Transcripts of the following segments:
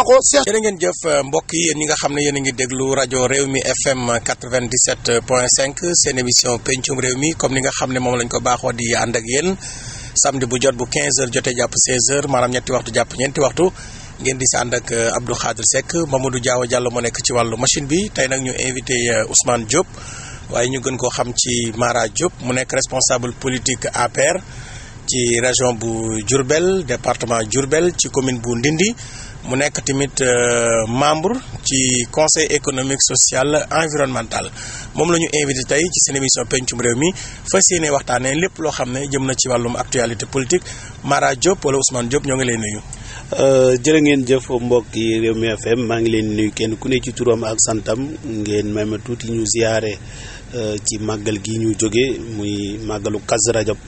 na ko Cheikh ngeen jëf euh, mbokk yi yéen ñi nga xam ne yéen a ngi déglu rajo réew mi FM 97 point cinq seen émission pencum réew mi comme ni nga xam ne moom lañ ko baaxoo di ànd ak yéen samedi bu jot bu 15 heures jotee jàpp 16 heures maanaam ñetti waxtu jàpp ñeenti waxtu ngeen di si ànd ak euh, Abdou Khadre Seck Mamadou Diaw Diallo moo nekk ci wàllu machine bi tey nag ñu invité euh, Ousmane Diop waaye ñu gën koo xam ci Mara Diop mu nekk responsable politique APR ci région bu Diourbel département Diourbel ci commune bu Ndindi mu nekk tamit euh, membre ci conseil économique social environnemental moom la ñu invité tey ci seen émission pencum réew mi fas yéene waxtaanee lépp loo xam ne jëm na ci wàllum actualité politique Mara Diop wala Ousmane Diop ñoo ngi lay nuyu. Euh, jërë ngeen jëf mbokk yi Réew mi FM maa ngi leen nuyu kenn ku ne ci turam ak santam ngeen may ma tuuti ñu ziyaare euh, ci màggal gi ñu jóge muy màggalu Kazu Rajab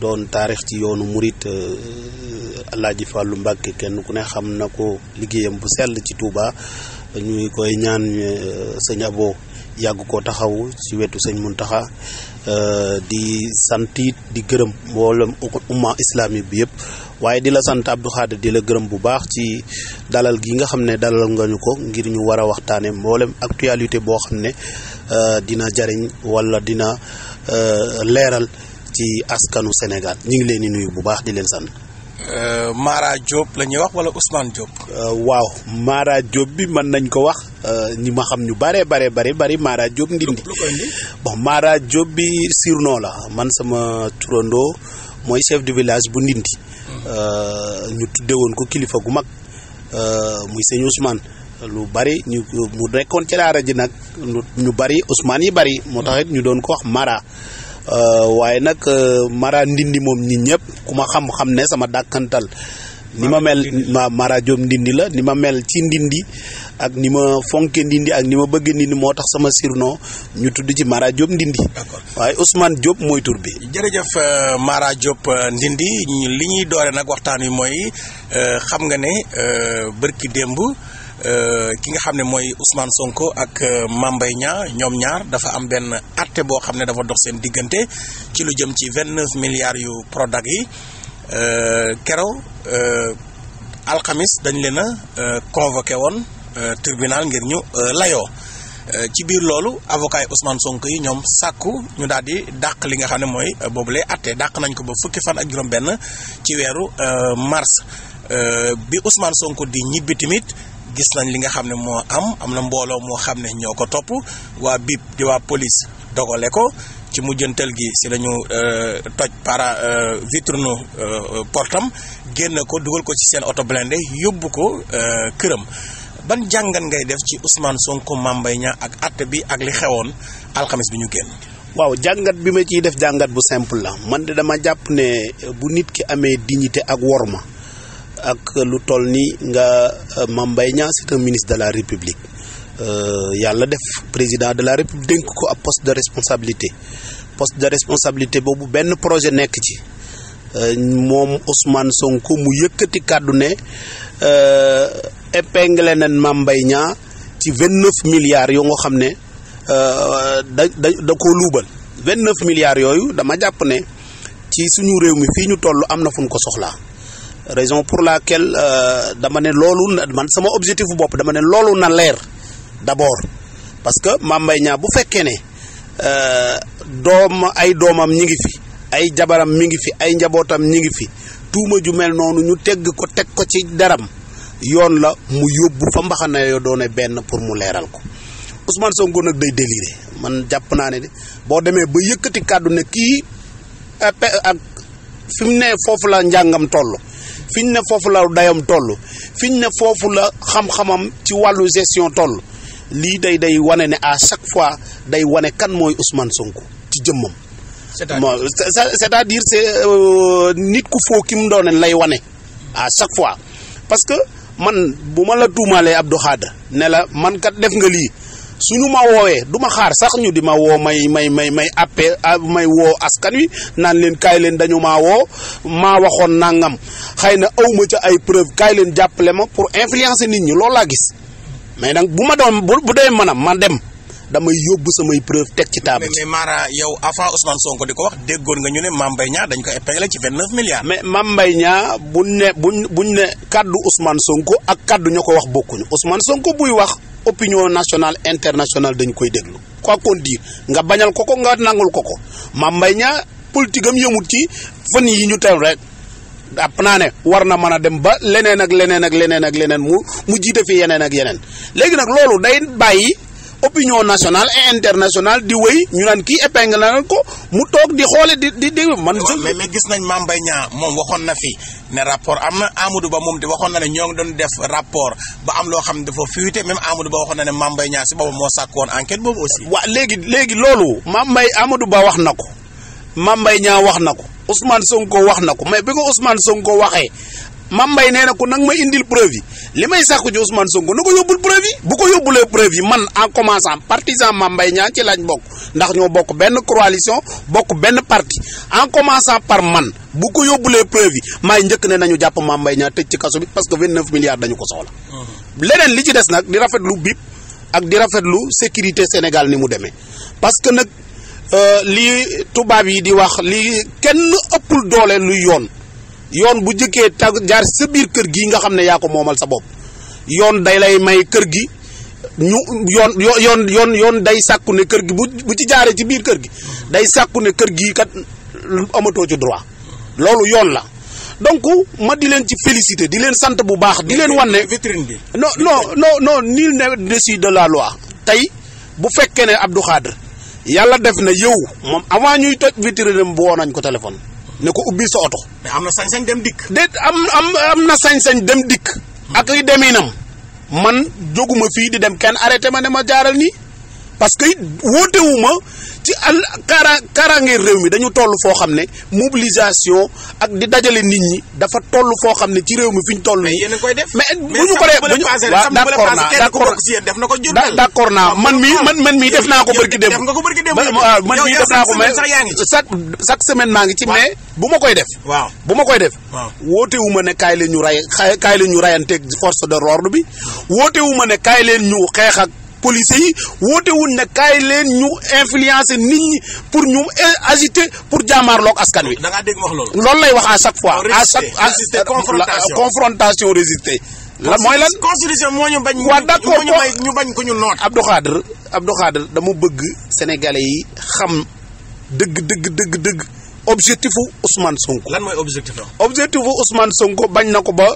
doon taarix ci yoonu murit euh, alaaji Fàllu Mbàkke kenn ku ne xam na ko liggéeyam bu sell ci Touba ñuy koy ñaan euh, sëñ Abo yàgg ko taxaw ci wetu sëñ Muntaxa euh, di sant di gërëm mboolem umm-, umma islamique bi yëpp waaye di la sant Abdou Khadir di la gërëm bu baax ci dalal gi nga xam ne dalal nga ñu ko ngir ñu war a waxtaane mboolem actualité boo xam ne dina jariñ walla dina leeral ci askanu Sénégal ñu ngi leen di nuyu bu baax di leen sann Uh, Mara Diop la ñuy wax wala Ousmane Diop. Euh, waaw Mara Diop bi mën nañ ko wax euh, ñi uh, ma xam ñu bare bare bare bari Mara Diop ndindi bon Mara bi surnom la man sama turandoo mooy chef de village bu ndindi euh, ñu tudde woon ko kilifa gu mag muy sëñ Ousmane lu bari ñu mu nekkoon ci ji nag ñu bari Ousmane yi bari moo tax ñu doon ko wax Mara Euh, waaye nag euh, Mara Ndindi moom ñi ñëpp ku ma xam-xam ne sama dàkkantal ni ma mel ma Mara Diop Ndindi la ni ma mel ci Ndindi ak ni ma fonke Ndindi ak ni ma bëgg Ndindi moo tax sama surnom ñu tudd ci Mara Diop Ndindi waaye Ousmane Diop mooy tur bi jërëjëf euh, Mara Diop Ndindi li ñuy doore nag waxtaan wi mooy xam nga ne bërki démb Euh, ki nga xam ne mooy Ousmane Sonko ak euh, Mame Mbaye Niang ñoom ñaar dafa am benn atte boo xam ne dafa dox seen diggante ci lu jëm ci vingt-neuf milliards yu Prodac yi euh, keroog alxamis dañ leen a convoqué woon tribunal ngir ñu layoo ci biir loolu avocat yi sonk yi ñoom sàkku ñu daal di dàq li nga xam ne mooy boobu lay atte dàq nañ ko ba fukki fan ak juróom benn ci weeru mars bi Ousmane sonk di ñibbi gis nañ li nga xam ne moo am am na mbooloo moo xam ne ñoo ko topp waa BIP di waa police dogale ko ci mujjantal gi si la ñu euh, toj para euh, vitre nu euh, portam génn ko dugal ko ci seen oto blindé yóbbu ko këram ban jàngat ngay def ci Ousmane Sonko Mame Mbaye ak àtte bi ak li xewoon alxamis bi ñu génn. waaw jàngat bi ma ciy def jàngat bu simple la man de dama jàpp ne bu nit ki amee dignité ak worma. ak lu toll ni nga euh, Mame Mbaye Niang c'est ministre de la République euh, yàlla def président de la République dénk ko ab poste de responsabilité poste de responsabilité boobu benn projet nekk ci euh, moom Ousmane Sonko mu yëkkati kàddu ne épinglé nañ Mame Mbaye Niang ci vingt neuf milliards yoo nga xam ne da da da koo luubal vingt neuf milliards yooyu dama jàpp ne ci suñu réew mi fii ñu toll am na fu ñu ko soxlaa raison pour la laquelle euh, dama ne loolu man sama objectif bopp dama ne loolu na leer d'abord parce que Mame Mbaye bu fekkee ne euh, doom ay doomam ñi ngi fi ay jabaram mi ngi fi ay njabootam ñi ngi fi tuuma ju mel noonu ñu teg ko teg ko ci daram yoon la mu yóbbu fa mbaxana yoo doone benn pour mu leeral ko Ousmane Sonko nag day déliré man jàpp naa ne de boo demee ba yëkkati kàddu ne kii euh, ak fi mu ne foofu la njàngam toll fi ñu ne foofu la dayam toll fi ñu ne foofu la xam-xamam ci wàllu gestion toll lii day day wane ne à chaque fois day wane kan mooy Ousmane Sonko ci jëmmam. c'est-à-dire c'est euh, nit ku foo ki mu doon lay wane à chaque fois parce que man bu ma la tuumaalee Abdou Khadre ne la man kat def nga lii. su suñu ma woowee du ma xaar sax ñu di ma woo may may may may appel may woo askan wi naan leen kaay leen dañu ma woo maa waxoon nangam xëy na aw ma ca ay preuve kaay leen jàppale ma pour influencer nit ñi loolu laa gis mais nag bu ma doon bu dee manam ma dem damay yóbbu samay preuve teg ci table. mais mais Mara yow avant Ousmane Sonko di ko wax déggoon nga ñu ne Mame Mbaye Niang dañ ko épinglé ci vingt neuf milliards. mais Mame Mbaye Niang buñ ne bu buñ ne kàddu Ousmane Sonko ak kàddu ña ko wax bokkuñu Ousmane Sonko buy wax opinion nationale internationale dañ koy déglu. ko qu'on dire nga bañal ko ko nga nangul ko ko Mame Mbaye Niang politique am yëmut ci fan yi ñu teew rek. dàpp naa ne war na mën a dem ba leneen ak leneen ak leneen ak leneen mu mu jiite fi yeneen ak yeneen léegi nag opinion nationale et internationale di wéy ñu naan ki épingle na ko mu toog di xoole di di di man. mais mais gis nañ Mame Mbaye Niang moom waxoon na fi ne rapport am na Amadou Ba moom waxoon na ne ñoo ngi doon def rapport ba am loo xam ne dafa fuité même Amadou Ba waxoon na ne Mame Mbaye Niang si boppam moo sàkkoon enquête boobu aussi. waaw léegi léegi loolu. Mame Mbaye Amadou Ba wax na ko Mame Mbaye Niang wax na ko Ousmane Sonko wax na ko mais bi ko Ousmane Sonko waxee Mame Mbaye nee na ko nag ma indil preuve li may sàkku ci Ousmane Sonko na ko yóbbul preuve bu ko yóbbulee preuve yi man en commençant partisan Mame Mbaye Niang ci lañ bokk ndax ñoo bokk benn coalition bokk benn parti en commençant par man bu ko yóbbulee preuve maay njëkk ne nañu jàpp mambay Mbaye Niang tëj ci kaso bi parce que 29 milliards dañu ko soxla. leneen li ci des nag di rafetlu bip ak di rafetlu sécurité Sénégal ni mu demee parce que nag euh, li tubaab yi di wax lii kenn ëppul doole luy yoon. yoon bu jëkkee tag jaar sa biir kër gi nga xam ne yaa ko moomal sa bopp yoon day lay may kër gi ñu yoon yoon yoon day sàkku ne kër gi bu bu ci jaaree ci biir kër gi day sàkku ne kër gi kat amatoo ci droit loolu yoon la donc ma di leen ci félicité di leen sant bu baax di leen wanne ne vitrine bi non non non non ne n'est de la loi tey bu fekkee ne Abdou Khadre yàlla def na yow moom avant ñuy toj vitrine am boo nañ ko téléphone ne ko ubbil sooto oto. am na sañ-sañ dem dikk. déet am am am na sañ-sañ dem dikk. ak li nam man joguma fii di dem kenn arrêté ma ne ma jaaral ni parce que wóotewu ma ci al kaara kaaraange réew mi dañu toll foo xam ne mobilisation ak di dajale nit ñi dafa toll foo xam ne ci réew mi fi ñu toll nii. mais def mais bu ñu paree bu ñu waaw naa d'accord d'accord naa ko barki démb. def nga ko barki démb ah, ci mais ma koy def. waaw bu ma koy def. waaw ma ne kaay leen ñu ray kaay leen ñu rayanteeg force de l'ordre bi wóotewu ne kaay leen ñu xeex ak. police yi woote wun ne kaay leen ñu influencer nit ñi pour ñu agiter pour jàmmaarloog askan wi. da ngaa dégg loolu. lay wax à chaque fois. à chaque confrontation confrontation résister. la mooy la constitution moo ñu bañ. waaw d'accord ñu bañ ko ñu noot. Abdou Khadre Abdou Khadre dama bëgg sénégalais yi xam dëgg dëgg dëgg dëgg objectifu Ousmane Sonko. lan mooy objectif objectifu Ousmane Sonko bañ na ko ba.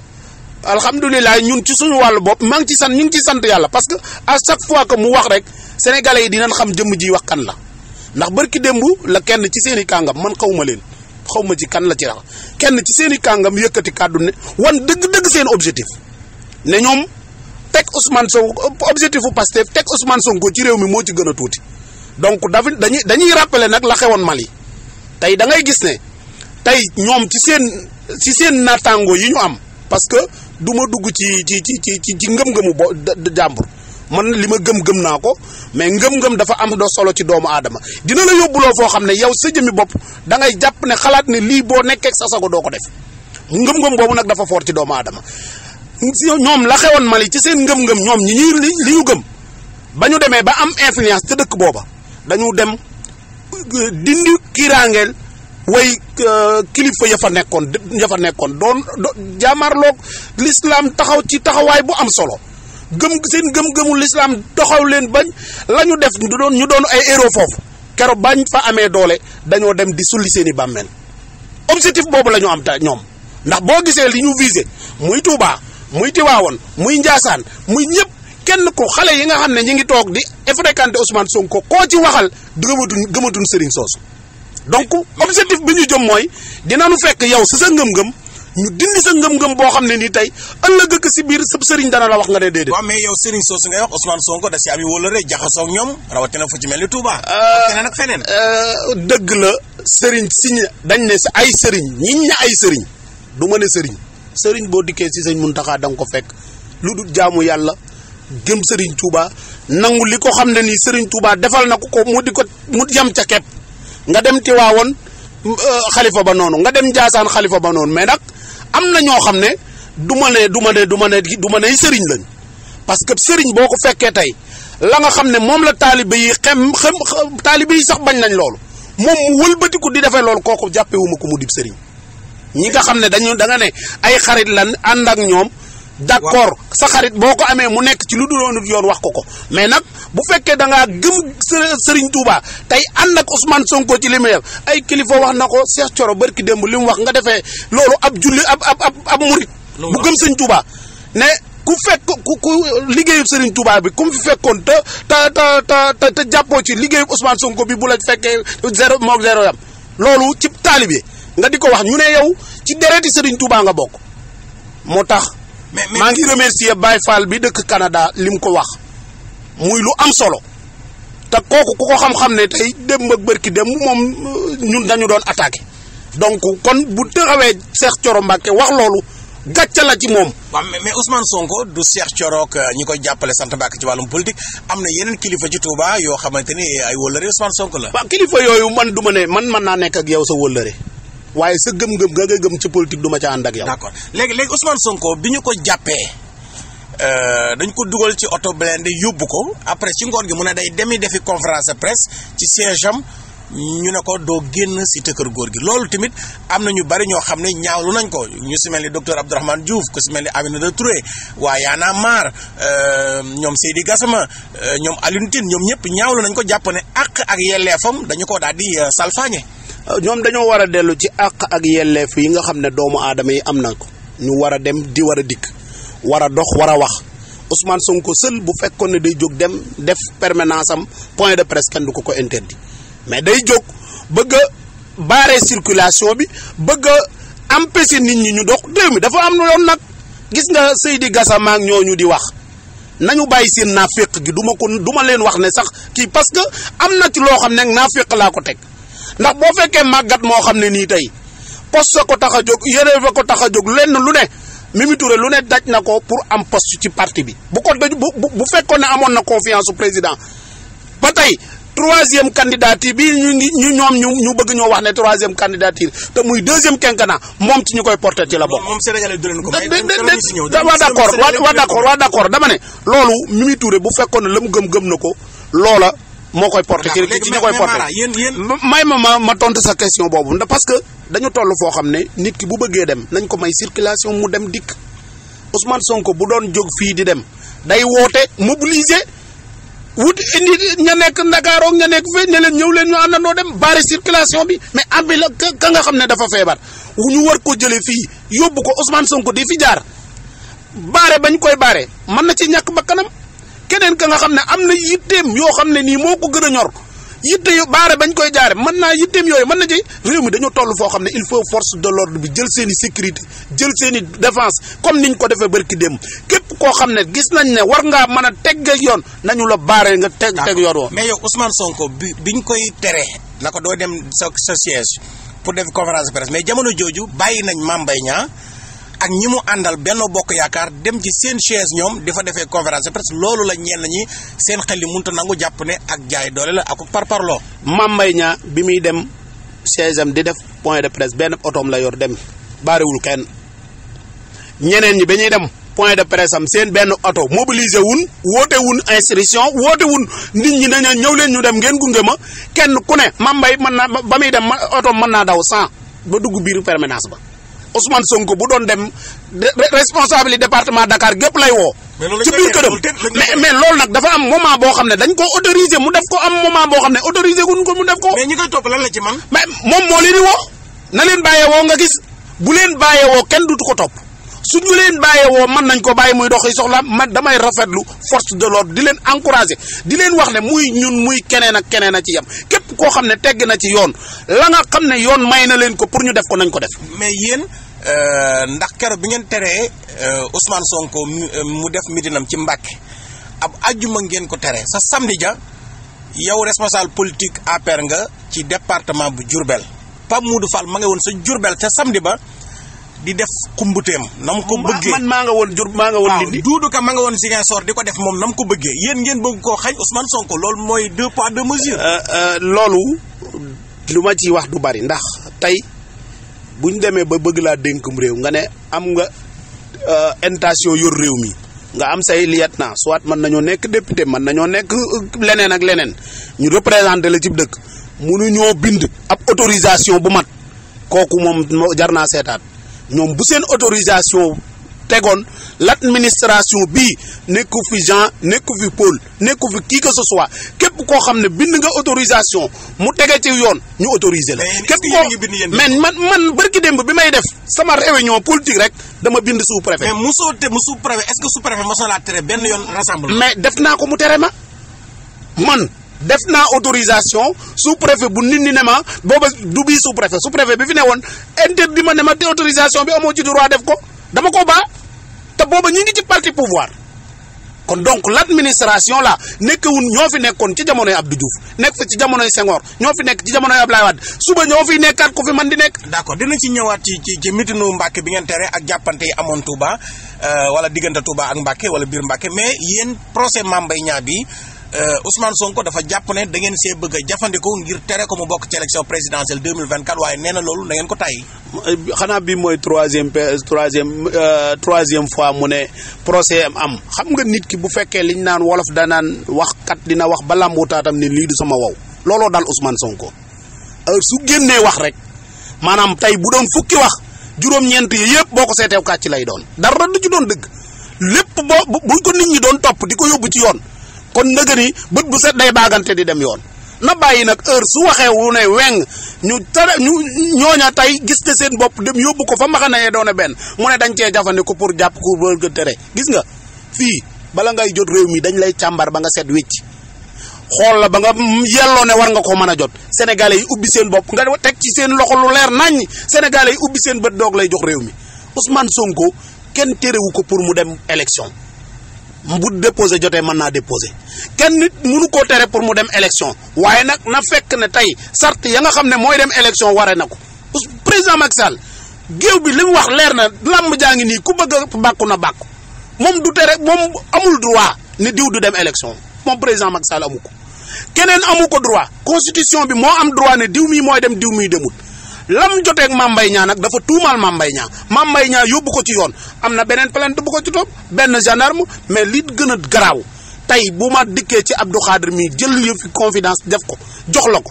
alhamdulilah ñun ci suñu wàllu bopp maa ngi ci sant ñu ngi ci sant yàlla parce que à chaque fois que mu wax rek sénégalais yi dinañ xam jëmm ji wax kan la ndax barki démb la kenn ci seen i kàngam man xaw ma leen xaw ma ci kan la ci rax kenn ci seeni kàngam yëkkati kàddu ne wan dëgg-dëgg seen objectif ne ñoom teg Ousmane Sonko objectif u Pastef teg Ousmane Sonko ci réew mi moo ci gën a tuuti donc dafa dañuy dañuy rappeler nag la xewoon Mali tey da ngay gis ne tey ñoom ci seen ci seen naataango yi ñu am du ma dugg ci ci ci ci ci ngëm-ngëmu bo jàmbur man li ma gëm-gëm naa ko mais ngëm-ngëm dafa am do solo ci doomu aadama dina la yóbbuloo foo xam ne yow sa jëmmi bopp da ngay jàpp ne xalaat ne lii boo nekkee sa sago doo ko def ngëm-ngëm boobu nag dafa foor ci doomu aadama si ñoom la xewoon Mali ci seen ngëm-ngëm ñoom ñi ñuy li ñu gëm ba ñu demee ba am influence te dëkk booba dañu dem euh, dindi kiiraangeel way euh, kilifa ya fa nekkoon ya fa nekkoon doon jaamarloog lislaam taxaw ci taxawaay bu am solo gëm seen gëm-gëmu lislaam taxaw leen bañ la ñu def ñu doon ñu doon ay héros foofu kero bañ fa amee doole dañoo dem di sulli seen i bàmmeel objectif boobu la ñu am ta ñoom ndax boo gisee li ñu visé muy Touba muy Tiwaawoon muy Njaasaan muy ñëpp kenn ku xale yi nga xam ne ñu ngi toog di fréquenté Ousmane Sonko koo ci waxal gëmatuñ gëmatuñ sëriñ soosu donc objectif bi ñu jom mooy dinañu fekk yow si sa ngëm-ngëm ñu dindi sa ngëm-ngëm boo xam ne nii tey ëllëg gëkk si biir sëb sëriñ dana la wax nga ne déedéet. waaw mais yow sëriñ soosu ngay wax Ousmane Sonko da si am i wóolare jaxasoo ak ñoom rawatina fu ci mel ni Touba. Euh, ak feneen euh, dëgg la sëriñ si dañ ne si ay sëriñ ñiñ ña ay sëriñ du ma ne sëriñ sëriñ boo dikkee si sëñ mun da nga ko fekk lu dul jaamu yàlla gëm sëriñ Touba nangu li ko xam ne nii sëriñ Touba defal na ko ko mu di ko mu jam ca kepp nga dem Tiwaawoon euh, xalifa ba noonu nga dem Njaasaan xalifa ba noonu mais nag am na ñoo xam ne du ma ne du ma ne du ma ne du ma ne lañ parce que sëriñ boo ko fekkee tey la nga xam ne moom la taalibe yi xem xem taalibe yi sax bañ nañ loolu moom mu wëlbatiku di defee loolu kooku jàppewuma ko mu dib sëriñ ñi nga xam ne dañu da nga ne ay xarit lan ànd ak ñoom d'accord sa xarit boo ko amee mu nekk ci lu du duloonut yoon wax ko ko mais nag bu fekkee da ngaa gëm Serigne Touba tey ànd ak Ousmane Sonko ci li mu ay kilifa wax na ko Cheikh Thioro barki démb li mu wax nga defee loolu ab julli ab ab ab murit bu gëm sëñ Touba ne ku fekk ku ku liggéeyub Serigne Touba bi ku mu fi fekkoon te te te te jàppoo ci liggéeyub Ousmane Sonko bi bu la fekkee zéro moom zéro yam loolu ci taalibe nga di ko wax ñu ne yow ci dereti Serigne Touba nga bokk moo tax. mais maa ngi remercier Baye Fall bi dëkk kanadaa li mu ko wax muy lu am solo te kooku ku ko xam-xam ne tey démb ak bërki démb moom euh, ñun dañu doon attaqué donc kon bu taxawee Cheikh Thioro Mbacké wax loolu gàcce la ci moom. waaw mais Ousmane Sonko du Cheikh Thioro ak euh, ñi koy jàppale sant Mbacké ci wàllum politique am na yeneen kilifa ci Touba yoo xamante ni ay wëllëre Ousmane sonk la. waaw kilifa yooyu man du ma ne man mën naa nekk ak yow sa wëllëre. waaye sa gëm-gëm ga nga gëm ci politique du ma ca ànd ak yow. léegi léegi Ousmane Sonko bi ñu ko jàppee. Euh, dañ ko dugal ci oto blindé yóbbu ko après ci ngoon gi mun a day demi defi conférence de presse ci siège am ñu ne ko doo génn si tëkkër góor gi loolu tamit am na ñu bari ñoo xam ne ñaawlu nañ ko ñu si mel ni docteur Abdourahmane Diouf ku si mel ni Aminata Touré waaye Y'en a marre euh, ñoom Seydi Gassama euh, ñoom Alioune Tine ñoom ñëpp ñaawlu nañ ko jàpp ne àq ak yelleefam dañu ko daal di salfaañe ñoom dañoo war a dellu ci àq ak yelleef yi nga xam ne doomu aadama yi am na ko ñu war a dem di war a dikk war a dox war a wax Ousmane Sonko seul bu fekkoon ne day jóg dem def permanence am point de presse kenn du ko ko interdit mais day jóg bëgg a barrer circulation bi bëgg a empêcher nit ñi ñu dox réew mi dafa am loon nag gis nga Seydi gasamaak ñoo ñu di wax nañu bàyyi seen naaféq gi duma ma ko du leen wax ne sax kii parce que am na loo xam ne naaféq laa ko teg ndax boo fekkee màggat moo xam ne nii tey poste ko tax a jóg yére ba ko tax a jóg lenn lu ne Mimi Touré lu ne daj na ko pour am poste ci parti bi bu ko daj bu bu fekkoon ne amoon na confiance président ba tey troisième candidature bi ñu ngi ñoom ñu ñu bëgg ñoo wax ne troisième candidature te muy deuxième quinquennat moom ci ñu koy porté ci la bo moom Sénégalais du leen ko may. waa d'accord waa d'accord waa d'accord dama ne. loolu Mimi Touré bu fekkoon ne la mu gëm gëm na ko loola. moo koy porté ki ki ñu koy porté may ma ma ma tontu sa question boobu ndax parce que dañu toll foo xam ne nit ki bu bëggee dem nañ ko may circulation mu dem dikk Ousmane Sonko bu doon jóg fii di dem day woote mobiliser wut indi ña nekk Ndakaaroog ña nekk fe ne leen ñëw leen ñu àndandoo dem bari circulation bi mais am bi la ka nga xam ne dafa feebar wu ñu war ko jëlee fii yóbbu ko Ousmane Sonko di fi jaar baare bañ koy baare mën na ci ñàkk ba kanam keneen ka nga xam ne am na yitteem yoo xam ne nii moo ko gën a ñor yitte yu baare bañ koy jaare mën naa yitteem yooyu man na ci réew mi dañoo toll foo xam ne il faut force de l'ordre bi jël seeni sécurité jël seen i défense comme niñ ko defee barki dem képp koo xam ne gis nañ ne war ngaa mën a teg ak yoon nañu la baare nga teg teg yoon woo. mais yow Ousmane Sonko bi biñ koy tere na doo dem sa sa siège pour def conférence de presse mais jamono jooju bàyyi nañ Mame Mbaye ak ñi mu àndal benn bokk yaakaar dem ci seen chaise ñoom di fa defee conférence de presse loolu la ñenn ñi seen xel li mënut a nangu jàpp ne ak jaay doole la ak par Mame mambay ñaa bi muy dem chaise am di def point de presse benn otoom la yor dem baariwul kenn ñeneen ñi ba dem point de presse am seen benn oto mobiliser wun woote wun instruction woote wun nit ñi dañoo ñëw leen ñu dem ngeen gunge ma kenn ku ne Mame Mbaye mën naa ba muy dem oto mën naa daw sans ba dugg biir permanence ba. Ousmane Sonko bu doon dem responsable yi département Dakar gépp lay woo. ci biir këram mais mais loolu nag dafa am moment boo xam ne dañ ko autorisé mu def ko am moment boo xam ne autorisé guñ ko mu def ko. mais ñi koy moom moo leen wo woo na leen bàyyee woo nga gis bu leen bàyyee woo kenn dutu ko topp. su ñu leen bàyyeewoo mën nañ ko bàyyi muy dox yi soxla ma damay rafetlu force de l'ordre di leen encourager di leen wax ne muy ñun muy keneen ak keneen a ci yam képp koo xam ne tegg na ci yoon la nga xam ne yoon may na leen ko pour ñu def ko nañ ko def. mais yéen euh, ndax keroog bi ngeen teree euh, Ousmane Sonko mu euh, def midinam ci Mbàkke ab àjjuma ngeen ko teree sa samedi ja yow responsable politique APR nga ci département bu Diourbel Pape Moudou Fall ma nga woon sa Diourbel ca samedi di def kumbuteem na mu ko bëggee man maa nga woon jur maa nga woon lindi Doudou Ka ma nga woon Ziguinchor di ko def moom na mu ko bëggee yéen ngeen bëgg koo xañ Ousmane Sonko loolu mooy deux poids deux mesures euh, euh, loolu lu ma ciy wax du bari ndax tey bu demee ba bëgg laa dénkum réew nga ne am nga euh, intention yor réew mi nga am say liyat na soit mën nañoo nekk député mën nañoo nekk leneen ak leneen ñu représenté la ci dëkk mënuñoo bind ab autorisation bu mat kooku moom jar naa seetaat ñoom bu seen autorisation tegoon l'administration bii nekku fi Jean nekku fi Paul nekku fi qui que ce soit képp koo xam ne bind nga autorisation mu tege ci yoon ñu autoriser la. képp koo mais man man barki démb bi may def sama réunion politique rek dama bind sous préfet. mais mosoo te mu sous préfet est-ce que sous préfet mosoo laa tere benn yoon rassemblement. mais def naa ko mu tere ma man. def naa autorisation sous préfet bu nit ñi ne ma booba du bii sous préfet sous préfet bi fi ne woon bi ma ne ma te autorisation bi amoo ci droit def ko dama ko baa te booba ñu ngi ci parti pouvoir kon donc l' administration la nekkewun ñoo fi nekkoon ci ab Abdou Diouf nekk fi ci jamonoy Senghor ñoo fi nekk ci jamonoy Abdoulaye Wade suba ñoo fi nekkaat ku fi man di nekk. d' accord dina ci ñëwaat ci ci ci mitinu Mbàkke bi ngeen tere ak jàppante yi amoon Touba euh, wala diggante Touba ak Mbàkke wala biir Mbàkke mais yéen procès Mame Mbaye Niang bi. Euh, Ousmane Sonko dafa jàpp ne da see bëgg a jafandikoo ngir tere ko mu bokk ci élection présidentielle 2024 waaye nee na loolu na ngeen ko tàyyi. xanaa bi mooy troisième troisième euh, troisième fois mu ne procès am am xam nga nit ki bu fekkee liñ naan wolof danaan wax kat dina wax ba làmbutaatam ni lii du sama wow looloo daal dal Ousmane Sonko euh, su génnee wax rek maanaam tey bu doon fukki wax juróom-ñeent yi yëpp boo ko seeteew ci lay doon dara du ci doon dëgg lépp boo buñ ko nit ñi doon topp di ko yóbbu ci yoon kon ndëgë ni bët bu set day baagante di dem yoon na bàyyi nag heure su waxee wu ne weng ñu tara ñu ñooña tey gis te seen bopp dem yóbbu ko fa maxana ne a benn mu ne dañ cee ko pour jàpp ku bëgg tere gis nga fii bala ngay jot réew mi dañ lay càmbar ba nga set wécc xool la ba nga yelloo ne war nga ko mën a jot sénégalais yi ubbi seen bopp nga teg ci seen loxo lu leer naññ sénégalais yi ubbi seen bët doog lay jox réew mi Ousmane Sonko kenn terewu ko pour mu dem élection bu déposé jotee man naa déposé kenn nit mënu koo tere pour mu dem élection waaye nag na fekk ne tey sart ya nga xam ne mooy dem élection waree na ko président Macky Sall géew bi li mu wax leer na làmb jaa ngi nii ku bëgg a bàkku na bakku moom du tere moom amul droit ni diw du dem élection moom président Macky Sall ko keneen amu ko droit constitution bi moo am droit ne diw mii mooy dem diw mii demul lam joteeg Mame Mbaye nag dafa tuumaal Mame Mbaye Niang Mame Mbaye yóbbu ko ci yoon am na beneen plainte bu ko ci topp benn gendarme mais li gën a garaaw tey bu ma dikkee ci Abdou Khadir mi jël fi confidence def ko jox la ko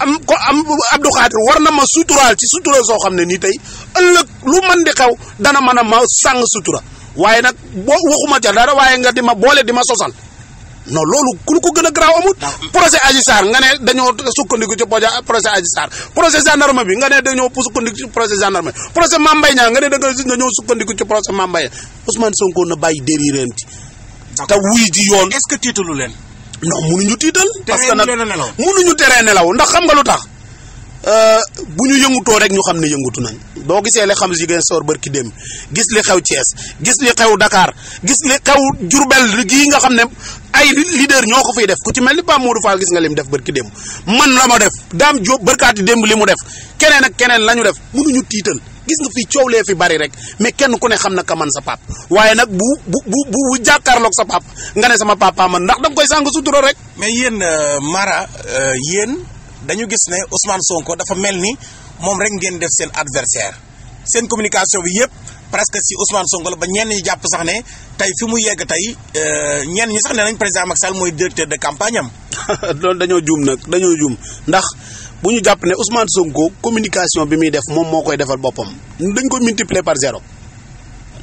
am ko am Abdou Khadir war na ma suturaal ci sutura soo xam ne nii tey ëllëg lu man di xew dana mën a ma sàng sutura waaye nag boo waxuma ca dara waaye nga di ma boole di ma sosal non loolu ku ko gën a garaaw amul. procès Adji Sarr nga ne dañoo sukkandiku ci projet procès Adji Sarr procès gendarme bi nga ne dañoo sukkandiku ci procès gendarme procès Mame Mbaye Niang nga ne dañoo sukkandiku ci procès Mame Mbaye Ousmane Sonko na bàyyi dériréem ci. te ji yoon. est-ce que tiitalu leen. non munuñu tiital. parce que nag munuñu teree nelaw ndax xam nga tax. Euh, bu ñu yëngutoo rek ñu xam ne yëngutu nañ boo gisee li xam Ziguinchor ki dem gis li xew cees gis li xew dakaar gis li xew Diourbel yi nga xam ne ay leader ñoo ko fiy def ku ci mel ni Pape Modou Fall gis nga lim def ki dem man la ma def daam Diop barkaati démb li mu def keneen ak keneen la ñu def ñu tiital gis nga fii coow lee fi bari rek mais kenn ku ne xam na ka man sa pap waaye nag bu bu bu bu jàkkaarloog sa pap nga ne sama papa man ndax da koy sàng sutura rek. mais yéen euh, Mara euh, yéen. dañu gis ne Ousmane Sonko dafa mel ni moom rek ngeen def seen adversaire seen communication bi yëpp presque si Ousmane Sonko la ba ñenn ñi jàpp sax ne tey fi mu yegg tey euh, ñenn ñi sax ne nañ président Macky Sall mooy directeur de campagne loolu dañoo juum nag dañoo juum ndax bu ñu jàpp ne Ousmane Sonko communication bi muy def moom moo koy defal boppam dañ ko multiplier par zéro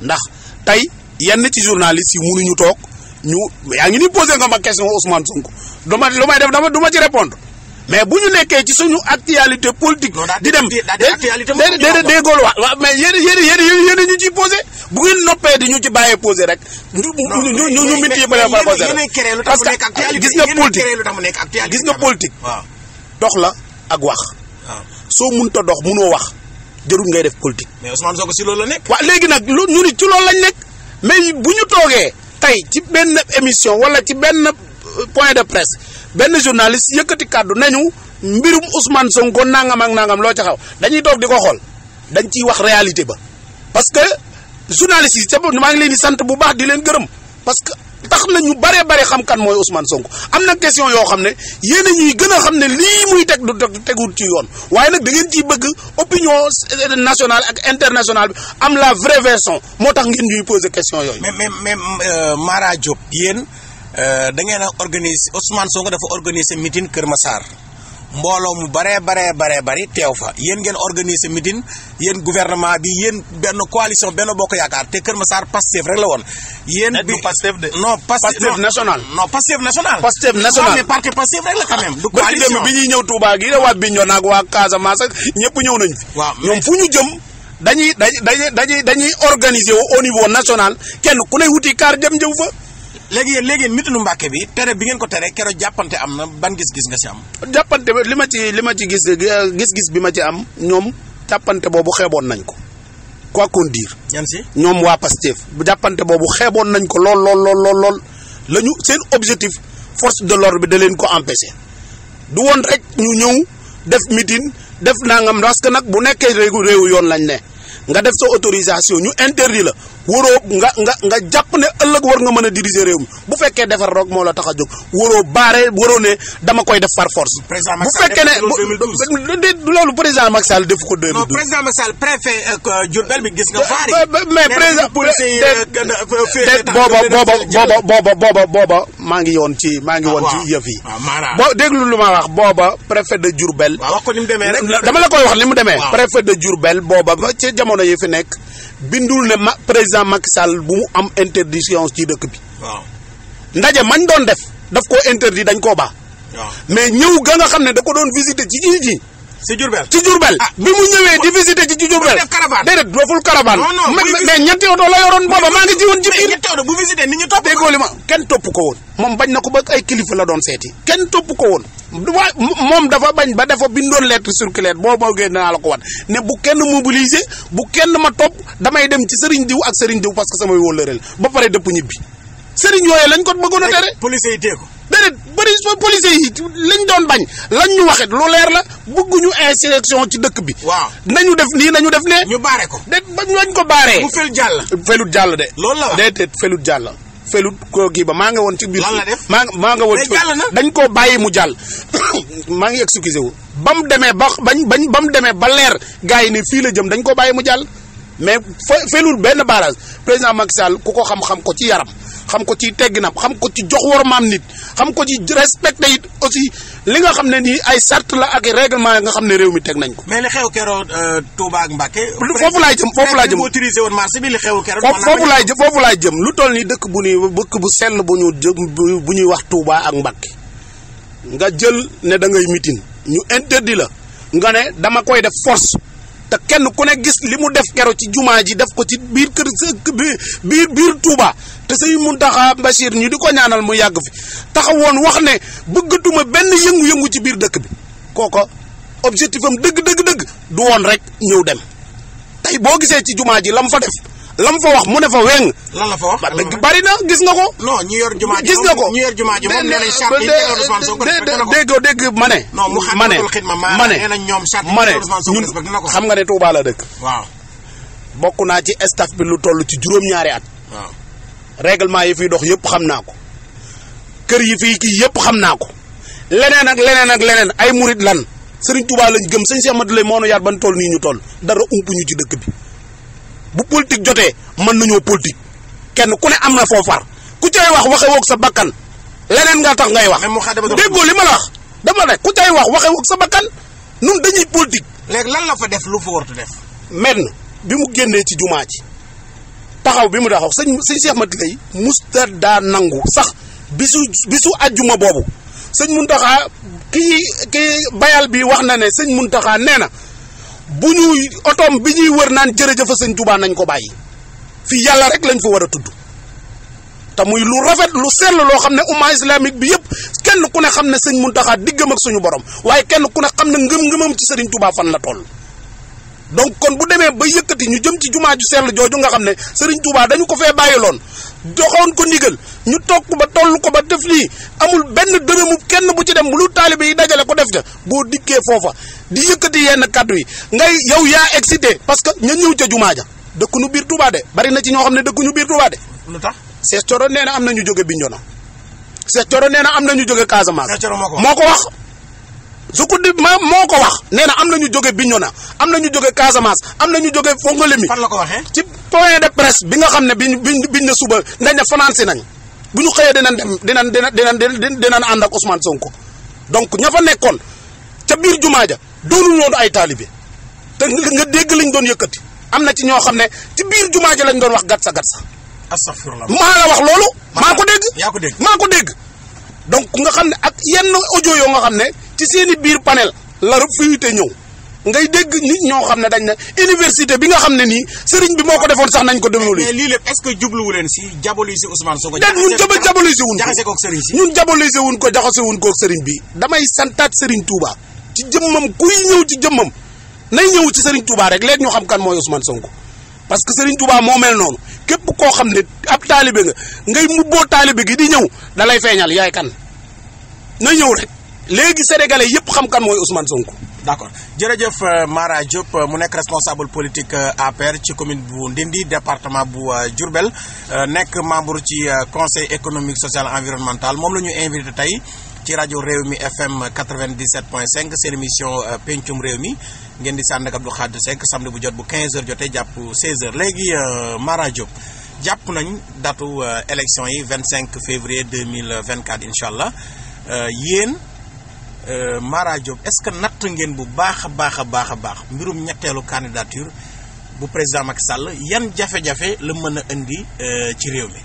ndax tey yenn ci journaliste yi ñu toog ñu yaa ngi ni posé nga ma question Ousmane Sonko dama lu may def dama du ma ci répondre. mais bu ñu nekkee ci suñu actualité politique. di dem déedéet déggoo la waaw mais yéen yéen yéen yéen ñu ciy posé bu ngeen noppee di ñu ci bàyyee posé rek. ñu ñu ñu ñu ñu métier ba pare posé rek parce que gis nga politique gis dox la ak wax. soo mënta dox mënoo wax jarul ngay def politique. mais Ousmane Sonko loolu la nekk. waaw léegi nag lu ñu ni ci loolu lañ nekk mais bu ñu toogee tey ci benn émission wala ci benn euh, point de presse. benn journaliste yëkkati kàddu nañu mbirum Ousmane Sonko nangam ak nangam loo ca xaw dañuy toog di ko xool dañ ciy wax réalité ba parce que journaliste yi ca maa ngi leen di sant bu baax di leen gërëm parce que tax na ñu bare bare xam kan mooy Ousmane Sonko am na question yoo xam ne yéen a ñuy gën a xam ne lii muy teg du tegul ci yoon waaye nag da ngeen ci bëgg opinion nationale ak internationale am la vraie version moo tax ngeen ñuy poser question yooyu. mais mais mais euh, Mara Diop yéen. Euh, da ngeen a organiser Ousmane Sonko dafa organiser meeting Kër Massar mbooloo mu baree bare baree bari teew fa yéen ngeen organiser meeting yéen gouvernement bi yéen benn coalition benn bokk yaakaar te Kër Massar Pastef rek la woon. yéen bi Pastef de non Pastef national. non Pastef national. Pastef national mais parti Pastef rek la quand même. du coalition bi ñuy ñëw Touba gi waa Bignona ak waa Casamance ak ñëpp ñëw ñoom fu ñu jëm. dañuy dañuy dañuy organiser wu au niveau national kenn ku ne wuti kaar jëm jëm fa. léegi yéen léegi yéen mitinu bi tere bi ngeen ko tere keroog jàppante am na ban gis-gis nga ci am. jàppante li ma ci li ma ci gis gis-gis bi ma ci am ñoom jàppante boobu xeeboon nañ ko. quoi qu'on ñan si ñoom waa Pastef jàppante boobu xeeboon nañ ko lool lool lool lool lool la ñu seen objectif force de l'ordre bi da leen ko empêcher du woon rek ñu ñëw def meeting def nangam parce que nag bu nekkee réew yoon lañ ne nga def sa autorisation ñu interdit la waroo nga nga nga jàpp ne ëllëg war nga mën a diriger réew bu fekkee defar rek moo la tax a jóg waroo baare waroo ne dama koy def par force. bu fekkee ne loolu président Macky Sall defu ko 2012. non président Macky Sall préfet euh, Diourbel bi gis nga. mais président euh, booba booba booba booba booba maa ngi yoon ci maa ngi ah, woon ci yëf yi. Ah, boo déglu lu ma wax booba préfet de Diourbel. dama la koy wax ni mu demee. préfet de Diourbel booba ma ci jamono yi fi nekk. bindul ne ma président Macky Sall bu mu am interdiction ci dëkk bi. waaw ndaje mañ doon def daf ko interdit dañ koo baax. mais ñëw ga nga xam ne da ko doon visiter ci nit yi ci Diourbel ci Diourbel ah. bi mu ñëwee di visiter ci Diourbel déedéet dooful caravane mais ñetti oto la yoroon booba maa ngi ci woon ci biir bu visiter nit ñi topp déggoo li ma kenn topp ko woon moom bañ na topp ko moom dafa bañ ba defa bindoon lettre circulaire boo moo génn naa la ko wan ne bu kenn mobiliser bu kenn ma topp damay dem ci sëriñ diw ak sëriñ diw parce que samay wóllëreel ba pare dëpp ñibbi sëriñ yooyu lañ ko bëggoon a tere déedéet bëri policiers yi liñ doon bañ lañ ñu waxit lu leer la bëgguñu insurrection ci dëkk bi. waaw nañu def nii nañu def ne. ñu baare ko de ba ñu ko baaree. mu jàll. felut jàll de. loolu la wax déedéet felut jàll. koo kii ba maa nga woon ci biir. lan la def maa maa nga woon ci dañ koo bàyyi mu jàll. maa ngi excusé wu ba mu demee ba bañ bañ ba mu demee ba leer gars yi ne fii la jëm dañ ko bàyyi mu jàll mais fe felul benn barrage président Macky Sall ku ko xam-xam ko ci yaram xam ko ci tegginam xam ko ci jox wormaam nit xam ko ci respecté it aussi li nga xam ne ni ay sart la ak règlement yi nga xam ne réew mi teg nañ ko. mais li xew keroog euh, Touba ak Mbacké. foofu laay jëm foofu laay jëm autorisé woon marché bi li xew keroog. foofu laay jëm foofu jëm lu toll nii dëkk bu ñuy dëkk bu sell bu ñu bu ñuy wax Touba ak Mbacké nga jël ne da ngay mitin ñu interdit la nga ne dama koy def force. te kenn ku ne gis li mu def kero ci jumaa ji def ko ci biir kër biir biir Touba te sëñ Muntaxa Bachir ñi di ko ñaanal mu yàgg fi woon wax ne bëggatuma benn yëngu-yëngu ci biir dëkk bi kooka objectif am dëgg dëgg dëgg du woon rek ñëw dem tey boo gisee ci jumaa ji lam fa def lam wax mu ne fa weng. lan la dëgg bari na gis nga ko. non ñu yor jumaa ji nga ko ñu yor jumaa ji moom nee nañ charte yi dégg dégg ma ne. non mu xam ne ma ne ma ne ñun xam nga ne Touba la dëkk. waaw bokk naa ci staff bi lu toll ci juróom-ñaari at. règlement yi fiy dox yëpp xam naa ko kër yi fii kii yëpp xam naa ko leneen ak leneen ak leneen ay murit lan sëriñ tubaal lañ gëm sëñ Cheikh Madou Lay moo nu yaat ban toll nii ñu toll dara ñu ci dëkk bi bu politique jotee mën nañoo politique kenn ku ne am na foo ku cay wax waxe woog sa bakkan leneen nga tax ngay wax déggoo li ma la wax dama rek ku cay wax waxe sa bakkan nun dañuy politique léegi lan la fa def lu fa wartu def bi mu génnee ci jumaa ji taxaw bi mu taxaw sëñ sëñ Cheikh Mati Lay musta daa nangu sax bisu bisu ajjuma boobu sëñ Muntaxa kii kii bayal bi wax na ne sëñ Muntaxa nee na bu ñuy otoom bi ñuy wër naan jërëjëfa sëñ Tuubaa nañ ko bàyyi fii yàlla rek lañ fa war a tudd te muy lu rafet lu sell loo xam ne umma islamique bi yëpp kenn ku ne xam ne sëñ Muntaxa diggam ak suñu borom waaye kenn ku ne xam ne ngëm-ngëmam ci sëriñ Tuubaa fan la toll donc kon bu demee ba yëkkati ñu jëm ci jumaa ju sell jooju nga xam ne Serigne Touba dañu ko fee bàyyiloon doxoon ko ndigal ñu toog ko ba toll ko ba def lii amul benn dërëmu kenn bu ci dem bu lu taalibe yi dajale ko def ca boo dikkee foofa di yëkkati yenn kàddu yi ngay yow yaa excité parce que ña ñëw ca jumaa ja dëkkuñu biir Touba de bari na ci ñoo xam ne dëkkuñu biir Touba de. lu tax Seex Coro nee na am na ñu jóge Bignona Seex Coro nee na am na ñu jóge Casamance. moo ko wax. su ko di ma moo ko wax nee na am na ñu jóge Bignona am na ñu jóge Casamance am na ñu jóge Fongolemi. fan la ko waxee ci point de presse bi nga xam ne biñ biñ biñ na suba dañ ne fanaan si nañ bu ñu xëyee dinañ dem dinañ dinañ dinañ dinañ ànd ak Ousmane Sonko. donc ña fa nekkoon ca biir jumaa ja doonul woon ay taalibe te nga dégg lañ doon yëkkati am na ci ñoo xam ne ci biir jumaa ja lañ doon wax gatsa gatsa. astafurlah maa la wax loolu. maa ko dégg maa ko dégg. donc nga xam ne ak yenn audio yoo nga xam ne. ci seeni biir panel la rëbb fuyute ñëw ngay dégg nit ñoo xam ne dañ ne université bi nga xam ne nii sëriñ bi moo ko defoon sax nañ ko démoli. mais lii lépp est-ce que jubluwu leen si diaboliser Ousmane Sonko. ñun jaba diaboliser wuñ ko jaxase koog sëriñ si. ñun diaboliser ko jaxase wuñ koog sëriñ bi damay santaat sëriñ Touba ci jëmmam kuy ñëw ci jëmmam nay ñëw ci sëriñ Touba rek léegi ñu xam kan mooy Ousmane Sonko parce que sëriñ Touba moo mel noonu képp koo xam ne ab taalibe nga ngay mubboo taalibe gi di ñëw da lay feeñal yaay kan na ñëw rek. léegi sénégalais yëpp xam kan mooy Ousmane Sonko. d' accord jërëjëf euh, Mara Diop euh, mu nekk responsable politique euh, APR ci commune bu Ndindi département bu Diourbel nekk membre ci conseil économique social environnemental moom la ñu invité tey ci rajo réew mi FM 97.5 seen émission pencum réew mi ngeen di sànd ak Abdou Khadre Seck samedi bu jot bu 15h jotee jàpp 16h léegi Mara Diop. jàpp nañ datu élection yi 25 février 2024 incha allah yéen. Euh, Mara Diop est-ce que natt ngeen bu baax a baax a baax a baax mbirum ñetteelu candidature bu président Macky Sall yan jafe-jafe la mën a indi euh, ci réew mi.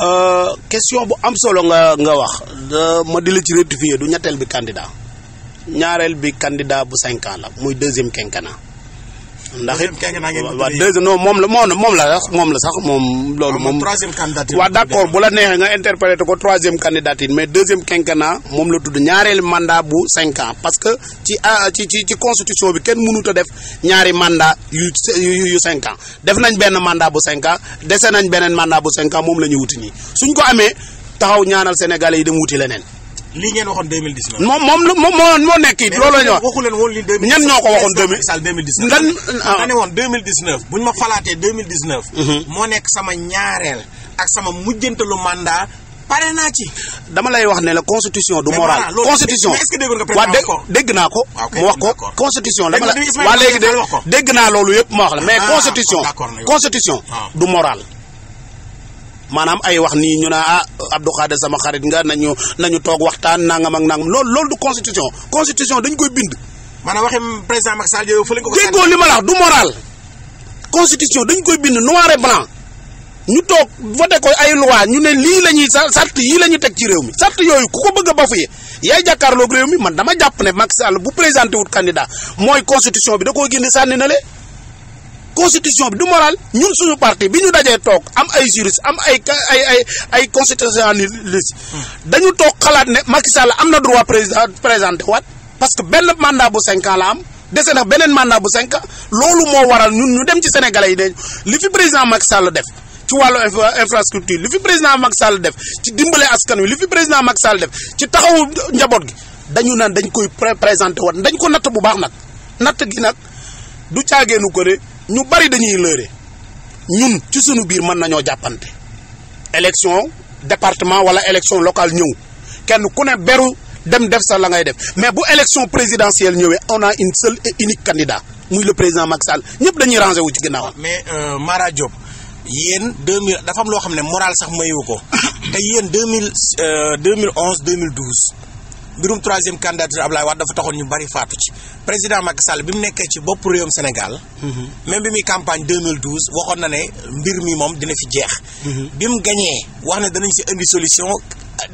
Euh, question bu am solo nga nga wax ma di la ci rectifier du ñetteel bi candidat ñaareel bi candidat bu cinq ans la muy deuxième quinquennat. ndax it waaw deuxième non moom la moom moom la sax moom la sax moom loolu moom waaw d'accord bu la neexee nga interpréter ko troisième candidature mais deuxième quinquennat moom la tudd ñaareelu mandat bu cinq parce que ci ah, ci ci ci constitution bi kenn mënut def ñaari mandat yu yu cinq def nañ benn mandat bu cinq ans dese nañ beneen mandat bu cinq ans moom la ñuy wuti nii suñ ko amee taxaw ñaanal Sénégalais yi dem wuti leneen lii ngeen waxoon 2019. moom moo moo nekk it loolu la ñu wax waxu ñan ñoo ko waxoon 2019 lan ah. nga ma falaatee mhm. moo nekk sama ñaareel ak sama mujjantalu mandat pare naa ci. dama lay wax ne la constitution du moral. constitution mais est-ce que déggoon nga président ko dégg naa ko. Ah, mu wax ko constitution dama la. waa léegi dégg naa loolu yëpp ma wax la mais ah, constitution. constitution du moral. maanaam ay wax nii ñu naa ah Abdou Khader sama xarit nga na ñu toog waxtaan nangam ak nangam loolu loolu du constitution constitution dañu koy bind. maanaam waxi président Macky Sall yow fële nga ko. déggoo li ma la wax du moral. constitution dañ koy bind noir ñu toog voté ko ay loi ñu ne lii la ñuy sart yii la ñuy teg ci réew mi sart yooyu ku ko bëgg a bafoué yaay jàkkaarloog réew mi man dama jàpp ne Macky Sall bu présenté wut candidat mooy constitution bi da koo génne sànni na le constitution bi du moral ñun suñu parti bi ñu dajee toog am ay juriste am ay ay ay ay constitutionnaliste hmm. dañu toog xalaat ne Macky Sall am na droit président présenté waat parce que benn mandat bu cinq ans la na beneen mandat bu cinq loolu moo waral ñun ñu dem ci Sénégalais yi dañ li fi président Macky Sall def ci wàllu infrastructure li fi président Macky Sall def ci dimbale askan wi li fi président Macky Sall def ci taxawu njaboot gi dañu naan dañ koy présenté waat dañ ko natt bu baax nag natt gi nag du caagee ko de ñu bari dañuy lëre ñun ci sunu biir mën nañoo jàppante élection département wala élection locale ñëw kenn ku ne beru dem def sa la ngay def mais bu élection présidentielle ñëwee on a une seule et unique candidat muy le président Macky Sall ñëpp dañuy rangé wu ci ginnaawam. mais euh, Mara Diop yéen 2000 dafa loo xam ne moral sax mayu ko te yéen 2000 2011 2012. mbirum troisième candidature Ablaye Wade dafa taxoon ñu bari faatu ci président Macky Sall bi mu nekkee ci bopp réewum Sénégal. même bi muy campagne 2012 waxoon na ne mbir mi moom dina fi jeex. Mhm. bi mu gañee wax ne danañ si indi solution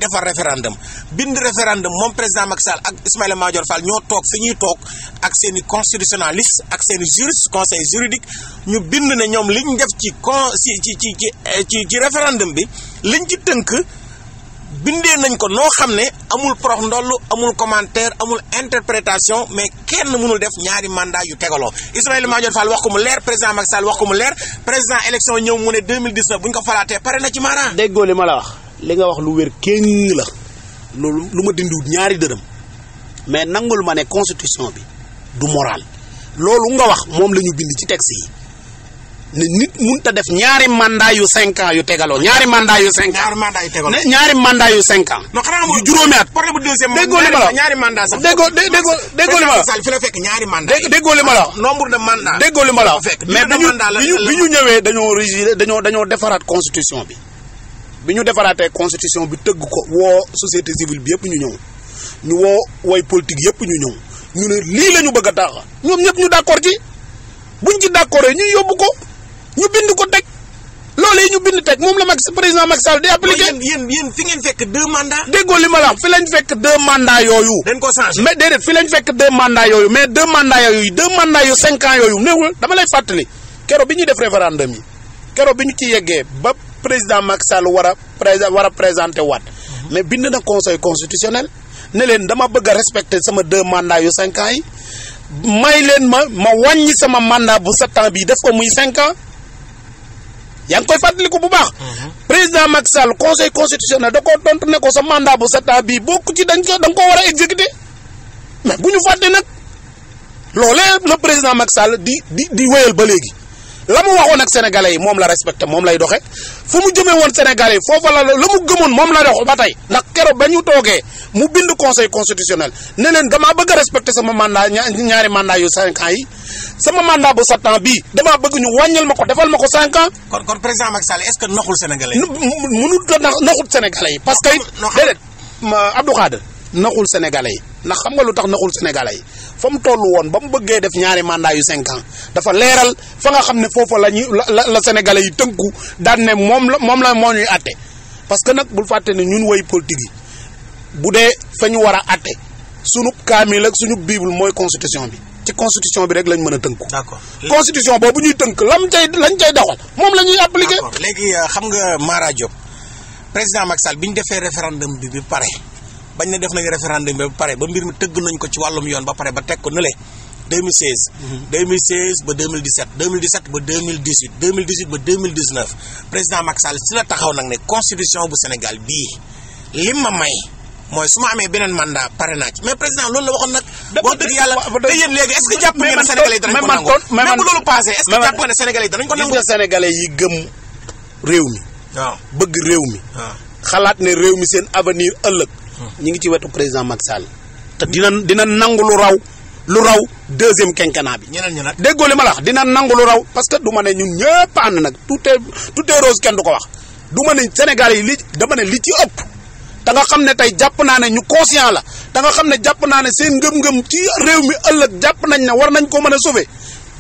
defar référendum bind référendum moom président Macky Sall ak Ismaïla Madior Fall ñoo toog fi ñuy toog ak seeni i constitutionnaliste ak seen i juriste conseil juridique ñu bind ne ñoom liñ def ci con ci ci ci ci eh, ci référendum bi liñ ci tënk. bindee nañ ko noo xam ne amul prox ndoll amul commentaire amul interprétation mais kenn mënul def ñaari mandat yu tegaloo Ismaïla Madior Fall wax ko mu leer président Macky Sall wax ko mu leer président élection ñëw mu ne 2019 bu ko falaatee pare na ci maanaam. déggoo li ma la wax li nga wax lu wér kéng la loolu lu ma dindiwut ñaari dërëm mais nangul ma ne constitution bi du moral loolu nga wax moom la ñu bind ci tex yi. ne nit mënut a def ñaari mandat yu cinq ans yu tegaloo ñaari mandat yu cinq ans. ñaari mandat yu tegaloo ñaari mandat yu cinq ans. non xanaa moom juróomi at. problème bu deuxième moom ñaari mandat sax déggoo déggoo déggoo fekk ñaari mandat yi déggoo li ma la. nombre de mandat déggoo li ma la. Ah, fekk mais bi ñu bi ñu ñëwee dañoo régir dañoo dañoo defaraat constitution bi. bi ñu defaraatee constitution bi tëgg ko woo société civile bi yëpp ñu ñëw ñu woo woy politique yëpp ñu ñëw ñu ne lii la ñu bëgg a tax ñoom ñëpp ñu d'accord ci buñ ci d'accord ñu yóbbu ko. ñu bind ko teg loolu yi ñu bind teg moom la mag président Macky Sall di appliqué. yéen yéen yéen fi ngeen fekk deux mandats. déggoo li ma la wax fi lañ fekk deux mandats yooyu. dañ ko changé mais déedéet fi lañ fekk deux mandats yooyu mais deux mandats yooyu deux mandats yu cinq ans yooyu néewul dama lay fàttali keroog bi ñuy def référendum yi keroog bi ñu ci yeggee ba président Macky Sall war a prés war a présenté waat mais bind na conseil constitutionnel ne leen dama bëgg a respecté sama deux mandaa yu cinq ans yi may leen ma ma wàññi sama mandat bu sept ans def ko muy cinq ans. yaa ngi koy fàttaliku bu baax. Mhm. président mak Sall conseil constitutionnel da koo tontu ne ko sa mandat bu sept ans bii bokk ci dañ ko da nga koo war a exécuter mais bu ñu fàtte nag loolee le président Macky Sall di di di wéyal ba léegi. la mu waxoon ak sénégalais yi moom la respecté moom lay doxe fo mu jëmee woon sénégalais yi foofa la la mu gëmoon moom la dox ba tey ndax keroog ba ñu toogee mu bind conseil constitutionnel ne leen damaa bëgg a respecté sama mandat ñaari mandat yu cinq ans yi sama mandat bu sept ans bii damaa bëgg ñu wàññal ma ko defal ma ko cinq ans. kon kon président Macky Sall est-ce que noxul sénégalais yi. mënut a naxut sénégalais yi parce que. déedéet Abdou Khader naxul sénégalais yi ndax xam nga lu tax naxul sénégalais yi fa mu toll woon ba mu bëggee def ñaari mandat yu cinq dafa leeral fa nga xam ne foofu la ñuy la la sénégalais yi tënku daan moom la moom la moo ñuy parce que nag bul fàtte ne ñun woy politique yi bu dee fa ñu war a atte sunu kaamil ak suñu bible mooy constitution bi ci constitution bi rek lañ mën a tënku. d'accord constitution boobu ñuy tënk lam cay lañ cay doxal moom la ñuy appliqué. léegi euh, xam nga Mara Diop président Macky bi ñu defee référendum bi bi pare. bañ ne def nañ référendum bi ba pare ba mbir mi tëgg nañ ko ci wàllum yoon ba pare ba teg ko nële 2016. 2016 mhm. ba 2017 2017 ba 2018 2018 ba 2019 président Macky Sall si la taxaw nag ne constitution bu Sénégal bii lim ma may mooy su ma amee beneen mandat pare naa ci mais président loolu la waxoon nag. wax dëgg yàlla te yéen léegi est ce que jàpp ngeen ne sénégalais yi danañ ko nangu même bu loolu passé est ce que jàpp ngeen ne sénégalais yi danañ ko nangu. gis nga sénégalais yi gëm réew mi. waaw ah. bëgg réew mi. waaw ah. xalaat ne réew mi seen avenir ëllëg. ñi ngi ci wetu président Macky Sall te dina dina nangu lu raw lu raw deuxième quinquennat bi. ñeneen ñi nag déggoo li ma la dina nangu lu raw parce que du ma ne ñun ñëpp ànd nag tout est tout est rose kenn du ko wax du ma ne Sénégal yi li dama ne li ci ëpp. da nga xam ne tey jàpp naa ne ñu conscient la tanga xam ne jàpp naa ne seen ngëm-ngëm ci réew mi ëllëg jàpp nañ ne war nañ ko mën a sauver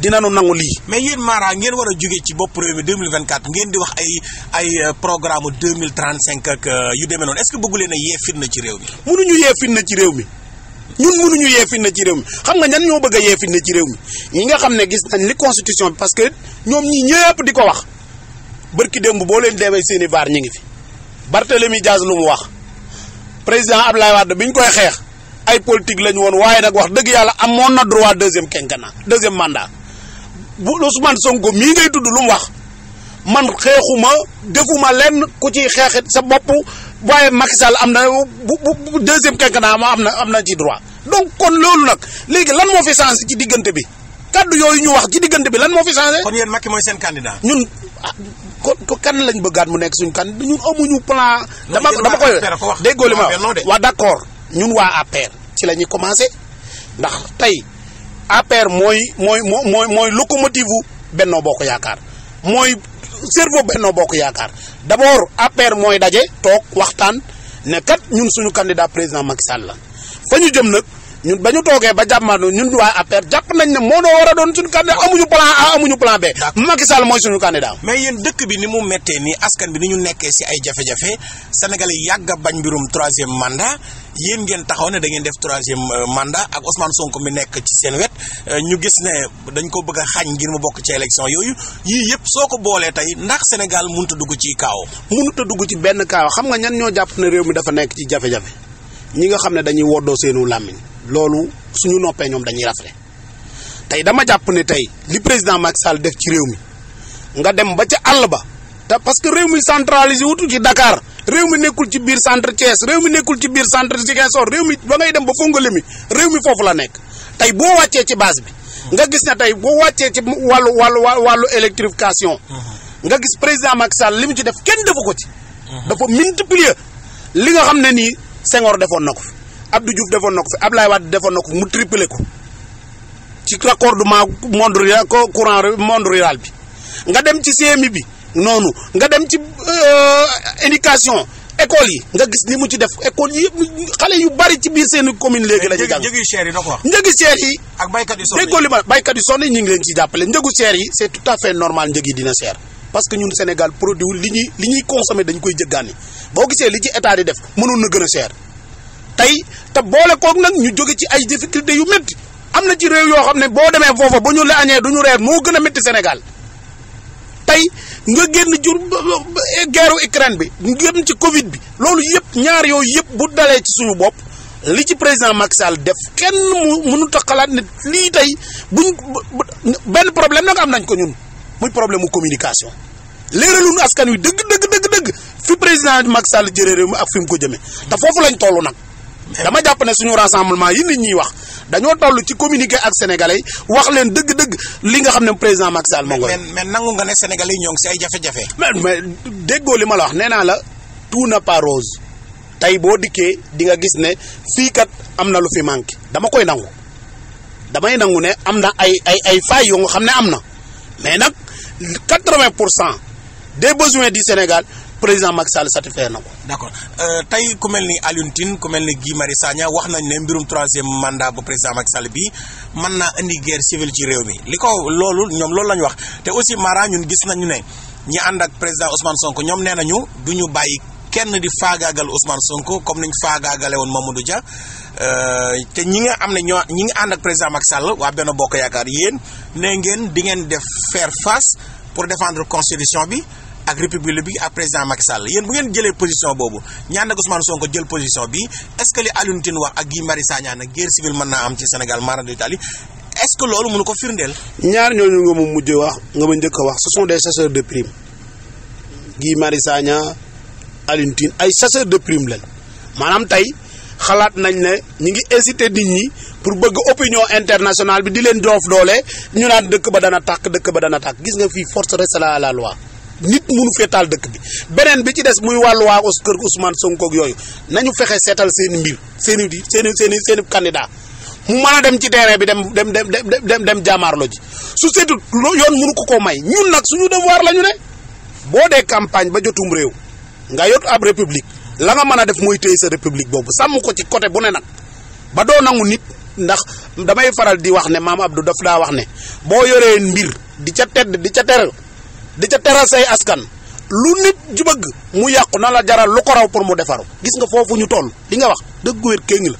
dinañu nangu lii. mais yéen Mara ngeen war a jóge ci bopp réew mi 2024 ngeen di wax ay ay euh, programme 2035 ak euh, yu demee noonu est-ce que bëggu leen a yee fitna ci réew mi. mënuñu yee fitna ci réew mi. ñun mënuñu yee fitna ci réew mi xam nga ñan ñoo bëgg a yee fitna ci réew mi ñi nga xam ne gis nañ ni constitution bi parce que ñoom ñi ñëpp di ko wax bërki démb boo leen demee seeni vaar ñu ngi fi Barthélemy Diaz lu mu wax président Ablaye Wade bi ñu xeex ay politique lañu woon waaye nag wax dëgg yàlla amoon na droit deuxième quinquennat deuxième mandat bu Ousmane Sonko mii ngay tudd lu mu wax man xeexuma defuma lenn ku ciy xeexit sa bopp waaye Macky Sall am na bu bu deuxième quinquennat ma am na am na ci droit donc kon loolu nag léegi lan moo fi changé ci diggante bi kaddu yooyu ñu wax ci diggante bi lan moo fi changé. kon yéen Macky mooy seen candidat. ñun ah, ko kan lañ bëggaat mu nekk suñu candidat ñun amuñu plan. dama dama koy déggoo li ma wax waa d'accord ñun waa APR ci la ñuy commencé ndax tey. APR mooy mooy mooy mooy locomotive bu Benno Bokk Yaakaar mooy cerveau Benno Bokk Yaakaar d'abord APR mooy daje toog waxtaan ne kat ñun suñu candidat président Macky Sall la fa ñu jëm nag. ñun ba ñu toogee ba jàmmandoo ñu waa APR jàpp nañ ne moo noo war a doon suñu candidat amuñu plan A amuñu plan B. Macky Sall mooy suñu candidat. mais yéen dëkk bi ni mu méttee ni askan bi ni ñu nekkee si ay jafe-jafe sénégalais yàgg a bañ mbirum troisième manda yéen ngeen taxaw ne da ngeen def troisième euh, manda ak osman Sonko mi nekk ci seen wet euh, ñu gis ne dañ ko bëgg a xañ ngir mu bokk ci élection yooyu yii yëpp soo ko boolee tey ndax Sénégal mënut a dugg ci kaaw. mënut a dugg ci benn kaaw xam nga ñan ñoo jàpp ne réew mi dafa nekk ci jafe ñi nga xam ne dañuy woddoo seenu làmmiñ loolu suñu noppee ñoom dañuy rafle tey dama jàpp ne tey li président Macky Sall def ci réew mi nga dem ba ca àll ba te parce que réew mi centralisé wutul ci Dakar réew mi nekkul ci biir centre Thiès réew mi nekkul ci biir centre Ziguinchor réew mi ba ngay dem ba fongale mi réew mi foofu la nekk tey boo wàccee ci base bi nga gis ne tey boo wàccee ci wàllu wàllu wàllu électrification nga gis président Macky Sall li mu ci def kenn defu ko ci mhm. dafa multiplier li nga xam ne nii Senghor defoon na ko fi du Diouf defoon na ko fi Ablaye Wade defoon na ko fi mu triplé ko ci raccordement monde rural courant monde rural bi nga dem ci CMI bi noonu nga dem ci euh, éducation école yi nga gis ni mu ci def école yi xale yu bari ci biir seen commune léegi la ñu jàng yi njëgu yi ak baykat yu sonn yi déggoo ñu ngi leen ci jàppale njëgu cher yi c'est tout à fait normal njëg yi dina cher parce que ñun Sénégal produit li ñuy li ñuy consommer dañ koy jëggaani boo gisee li ci état di def mënoon na gën a cher tey te boole kook nag ñu jóge ci ay difficultés yu métti am na ci réew yoo xam ne boo demee foofa ba ñu la añee du ñu reer moo gën a métti Sénégal tey nga génn jur guerru Ukraine bi ngém ci Covid bi loolu yëpp ñaar yooyu yëpp bu dalee ci suñu bopp li ci président mac Sall def kenn mu mënut a xalaat ne lii tey buñ benn problème nag am nañ ko ñun muy problème mu communication léeraluñu askan wi dëgg dëgg fi président Macky Sall jëlee réew mi ak fi mu ko jëmee te foofu lañ toll nag. dama jàpp ne suñu rassemblement yi nit ñuy wax dañoo toll ci communiquer ak sénégalais yi wax leen dëgg-dëgg li nga xam ne président Macky Sall moo ngi mais nangu nga ne sénégalais yi ñoo ay jafe-jafe. mais mais li ma wax nee naa la tout n'est tey boo dikkee di nga gis ne fii am na lu fi manqué dama koy nangu damay nangu ne am na ay ay ay failles yoo nga xam ne am na mais nag 80 pour cent des besoins du Sénégal. président Macky Sall satisfait na ko. d' accord euh, tey ku mel ni Alioune ku mel ni Guy Marius Sagna wax nañ ne mbirum troisième mandat bu président Macky Sall bii mën naa indi guerre civile ci réew mi li ko loolu ñoom loolu la ñu wax te aussi Mara ñun gis nañu ne ñi ànd ak président Ousmane Sonko ñoom nee nañu du bàyyi. kenn di faagaagal usman Sonko comme niñ faagaagale woon Mamadou Dia euh, te ñi nga am ne ñoo ñi ngi ànd ak président Macky Sall waa benn bokk yaakaar yéen ne ngeen di ngeen def faire face pour défendre constitution bi ak république bi ak président Macky Sall yéen bu ngeen jëlee position boobu ñaan nag Ousmane Sonko jël position bi est-ce que li Alioune Tine wax ak Guy Marius Sagna nag guerre civile mën naa am ci Sénégal mara d'Italie est-ce que loolu mënu ko firndeel. ñaar ñooñu nga ma mujj wax nga ma njëkk a wax de primes Guy Marius Sagna Alioune ay chasseurs de primes lañ maanaam tey xalaat nañ ne ñu ngi inciter nit ñi pour bëgg opinion internationale bi di leen doof doole ñu naan dëkk ba dana tàkk dëkk ba dana tàkk gis nga fii force reste à la loi. nit munu fee dëkk bi beneen bi ci des muy wàllu waa os kër Ousmane Sonko yooyu nañu fexe seetal seen mbir seen i seen i seen seen i candidat mu mën a dem ci terrain bi dem dem dem dem dem jaamaarloo ji su seetut yoon munu ko koo may ñun nag suñu devoir waar ñu ne boo dee campagne ba jotum réew nga yot ab république la nga mën a def mooy téye sa république boobu sàmm ko ci côté bu ne nag ba doo nangu nit ndax damay faral di wax ne maam Abdou daf daa wax ne boo yoree mbi di ca tedd di ca teral di ca teral say askan lu nit ju bëgg mu yàqu na la jaral lu ko raw pour mu defaru gis nga foofu ñu toll li nga wax dëgg wér kéng la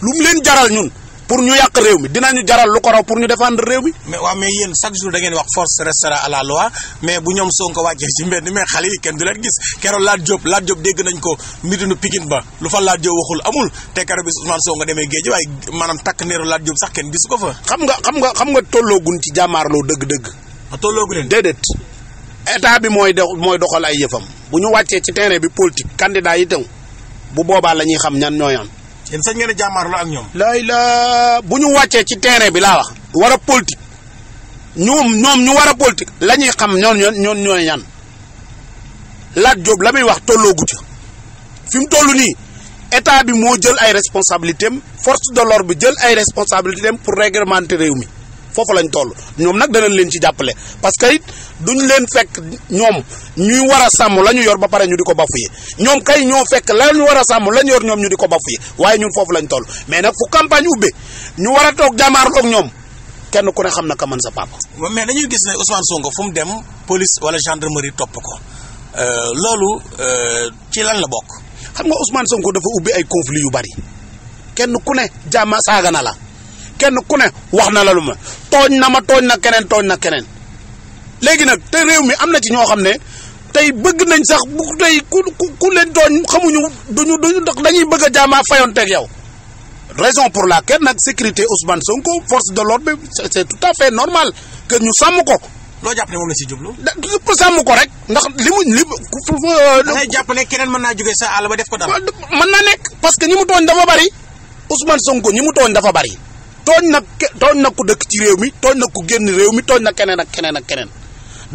lu mu leen jaral ñun pour ñu yàq réew mi dinañu jaral lu ko raw pour ñu défendre réew mi. mais waaw mais yéen chaque jour da wax force restera à la loi mais bu ñoom Sonko wàccee ci mbedd mais xale yi kenn du leen gis keroog Lat Diop Lat Diop dégg nañ ko midinu Pikine ba lu fa Lat Diop waxul amul te keroog bi Ousmane Sonko demee géej waaye takk neeru Lat Diop sax kenn gisu ko fa. xam nga xam nga xam nga tolloogun ci jàmmaarloo dëgg-dëgg. ah tolloogu leen déedéet. état bi mooy dox mooy doxal ay yëfam bu ñu wàccee ci terrain bi politique candidat yi tëng bu boobaa la ñuy xam ñan ñooyaan. yéen sañ ngeen a ak ñoom. lay la bu ñu wàccee ci terrain bi laa wax. war a politique ñoom ñu war a la ñuy xam ñoon ñoon ñooy ñan Lat Diop la muy wax tolloogu ca fi mu toll nii état bi moo jël ay responsabilités am force de l'ordre bi jël ay responsabilités pour réglementer réew mi. foofu lañ toll ñoom nag danañ leen ci jàppale parce que it duñ leen fekk ñoom ñuy war a sàmm la ñu yor ba pare ñu di ko yi ñoom kay ñoo fekk la ñu war a sàmm la ñu yor ñoom ñu di ko bafouye waaye ñun foofu lañ toll mais nag fu campagne ubbe ñu war a toog jàmmaarloog ñoom kenn ku ne xam na ka man sa papa. mais dañuy gis na Ousmane Sonko fu dem police wala gendarmerie topp ko euh, loolu euh, ci lan la bokk. xam nga Ousmane Sonko dafa ubbi ay conflits yu bari kenn ku ne jàmm saaga na la. kenn ku ne wax na la lu ma tooñ na ma tooñ na keneen tooñ na keneen léegi nag te réew mi am na ci ñoo xam ne tey bëgg nañ sax bu tey ku ku leen tooñ xamuñu duñu duñu ndax dañuy bëgg a jaamaa fayonteeg yow raison pour laquelle nag sécurité Ousmane Sonko force de l'ordre tout à fait normal que ñu sàmm ko. loo jàpp ne moom la si jublu. sàmm ko rek ndax li mu li. Euh, da ngay jàpp ne keneen mën naa jóge sa àll ba def ko dara. mën naa nekk parce que ñi mu tooñ dafa bari Ousmane Sonko ñi mu tooñ dafa bari. tooñ nag tooñ nag ku dëkk ci réew mi tooñ na ku génn réew mi tooñ na keneen ak keneen ak keneen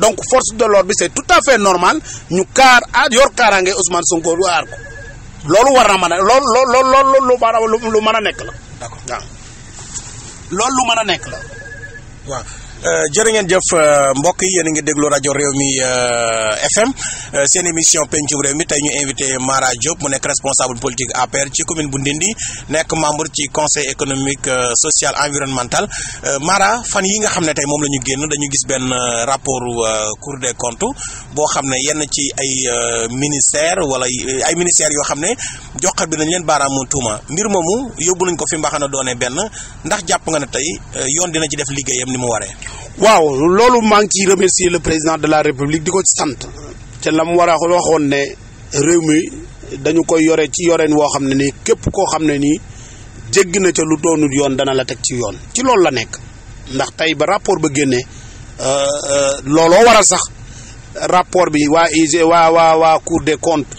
donc force de l'ordre bi c'est tout à fait normal ñu kaar ah yor kaaraange Ousmane Sonko lu ko loolu war na mën a loolu loolu loolu lu mën a nekk la. d'accord loolu lu mën a nekk la. waaw euh, jërë ngeen jëf euh, mbokk yi yéen a ngi déglu rajo réew mi euh, FM seen émission pencum réew mi tey ñu invité Mara Diop mu nekk responsable politique APR ci commune bu Ndindi nekk membre ci conseil économique social environnemental Mara fan yi nga xam ne tey moom la ñu génn dañu gis benn rapport cour de comptes boo xam ne yenn ci ay ministère wala ay ministères yoo xam ne joxar bi nañ leen baaraamu tuuma mbir moomu yóbbu nañ ko fi mbaxana doone benn ndax jàpp nga ne tey yoon dina ci def liggéeyam ni mu waree. waaw loolu maa ngi ciy le président de la république di ko sant ca la mu war a waxoon ne réew mi dañu koy yore ci yoreen woo xam ne nii képp koo xam ne nii jéggi na ca lu doonul yoon dana la teg ci yoon ci loolu la nekk ndax tey ba rapport ba génnee euh, euh, looloo waral sax rapport bi waa IG waa waa waa cour des comptes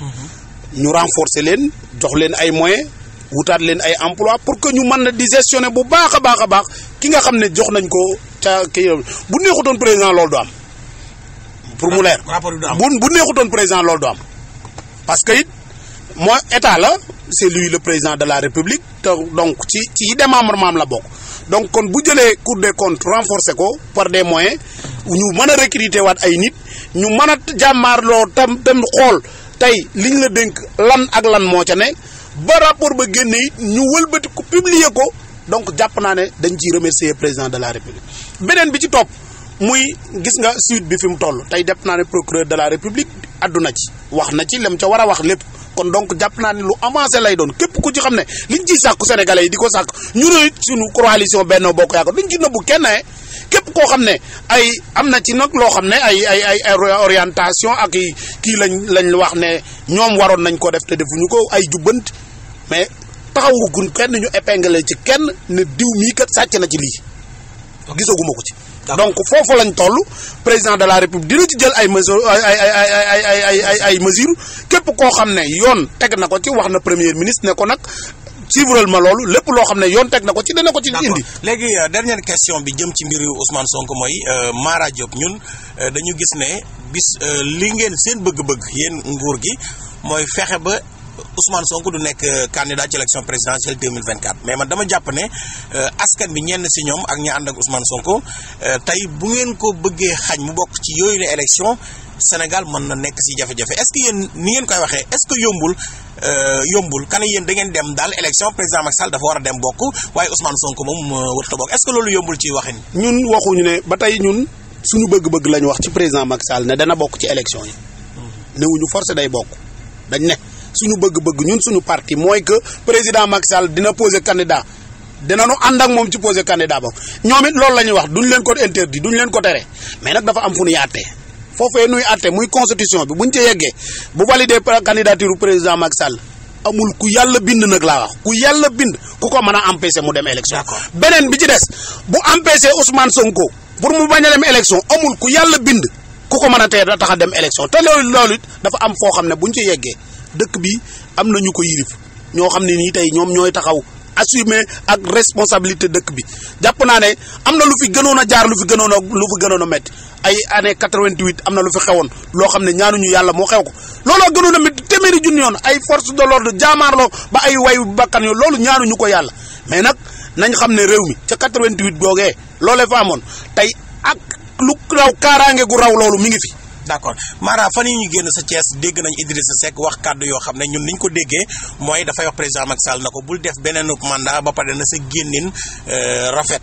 ñu renforcer leen jox leen ay moyens wutaat leen ay emploi pour que ñu mën na di gestionner bu baax a baax a baax ki nga xam ne jox nañ ko ca kii bu neexutoon président loolu du am. pour mu leer bu bu neexutoon président loolu du am. parce que it mooy état la c'est lui le président de la république te donc ci ci démembrement am la bokk donc kon bu jëlee cour de comptes renforcer ko par des moyens ñu mën a recruter waat ay nit ñu mën a lool tam tam xool tey liñ la dénk lan ak lan moo ca ne ba rapport ba génne it ñu wëlbati ko publier ko. donc jàpp naa ne dañ ciy remercier président de la république beneen bi ci topp muy gis nga suite bi fi mu toll tey jàpp naa ne procureur de la république àdduna ci wax na ci lem ca war a wax lépp kon donc jàpp naa ne lu avancé lay doon képp ku ci xam ne liñ ciy sàkku sénégalais yi di ko sàkk ñu ne suñu coalition Benno Bokk Yaakaar duñ ci nëbbu kenn képp koo xam ne ay am na ci nag loo xam ne ay ay ay orientation ak i kii lañ lañ wax ne ñoom waroon nañ ko def te defuñu ko ay jubbant mais taxawu gun kenn ñu épinglé ci kenn ne diw mii kat sàcc na ci lii gisaguma ko ci donc foofu lañ toll président de la république dina ci jël ay mesures ay ay ay ay képp koo xam ne yoon teg na ko ci wax na premier ministre ne ko nag suivral ma loolu lépp loo xam ne yoon teg na ko ci dana ko ci indi. léegi euh, dernière question bi jëm ci mbiru Ousmane Sonko mooy euh, Mara Diop ñun euh, dañu gis ne bis li ngeen seen bëgg-bëgg yéen nguur gi mooy fexe ba. Ousmane Sonko du nekk euh, candidat ci élection présidentielle 2024 mais man dama jàpp ne euh, askan bi ñenn si ñoom ak ñi ànd ak Ousmane Sonko euh, tey bu ngeen ko bëggee xañ mu bokk ci yooyu la élection Sénégal mën na nekk si jafe-jafe est-ce que yéen ni ngeen koy waxee est-ce que yombul yombul kan yéen da ngeen dem daal élection président Macky Sall dafa war a dem bokk waaye Ousmane Sonko moom warut a bokk est-ce que loolu yombul ci waxin. ñun waxuñu ne ba tey ñun suñu bëgg-bëgg lañu wax ci président Macky Sall ne dana bokk ci élection yi. Mm-hmm. newuñu force day bokk suñu bëgg-bëgg ñun suñu parti mooy que président Macky Sall dina poser candidat dinañu ànd ak moom ci poser candidat ba ñoom it loolu la ñuy wax duñu leen ko interdit duñ leen ko tere mais nag dafa am fu ñuy àttee foofee nuy àtte muy constitution bi buñ ca yeggee bu validé candidature président Macky Sall amul ku yàlla bind nag laa wax ku yàlla bind ku ko mën a empêcher mu dem élection. beneen bi ci des bu empêcher Ousmane Sonko pour mu bañ a dem élection amul ku yàlla bind ku ko mën a tee tax a dem élection te loolu dafa am foo xam ne buñ ci yeggee. dëkk bi am na ñu ko yirif ñoo xam ne nii tey ñoom ñooy taxaw assumer ak responsabilité dëkk bi jàpp naa ne am na lu fi gënoon a jaar lu fi gënoon a lu fi gënoon a métti ay année 88 am na lu fi xewoon loo xam ne ñaanuñu yàlla moo xew ko looloo gënoon a métti téeméeri junni yoon ay force de l'ordre jaamaarloo ba ay wayu bakkan yo loolu ñaanuñu ko yàlla mais nag nañ xam ne réew mi ca 88 googee loolee fa amoon tey ak lu raw kaaraange gu raw loolu mi ngi fi d'accord Mara fan yi ñu génn sa Thiès dégg nañ Idrissa Seck wax kàddu yoo xam ne ñun ñu ko déggee mooy dafay wax président Macky Sall na ko bul def beneen mandat ba pare na sa génnin euh, rafet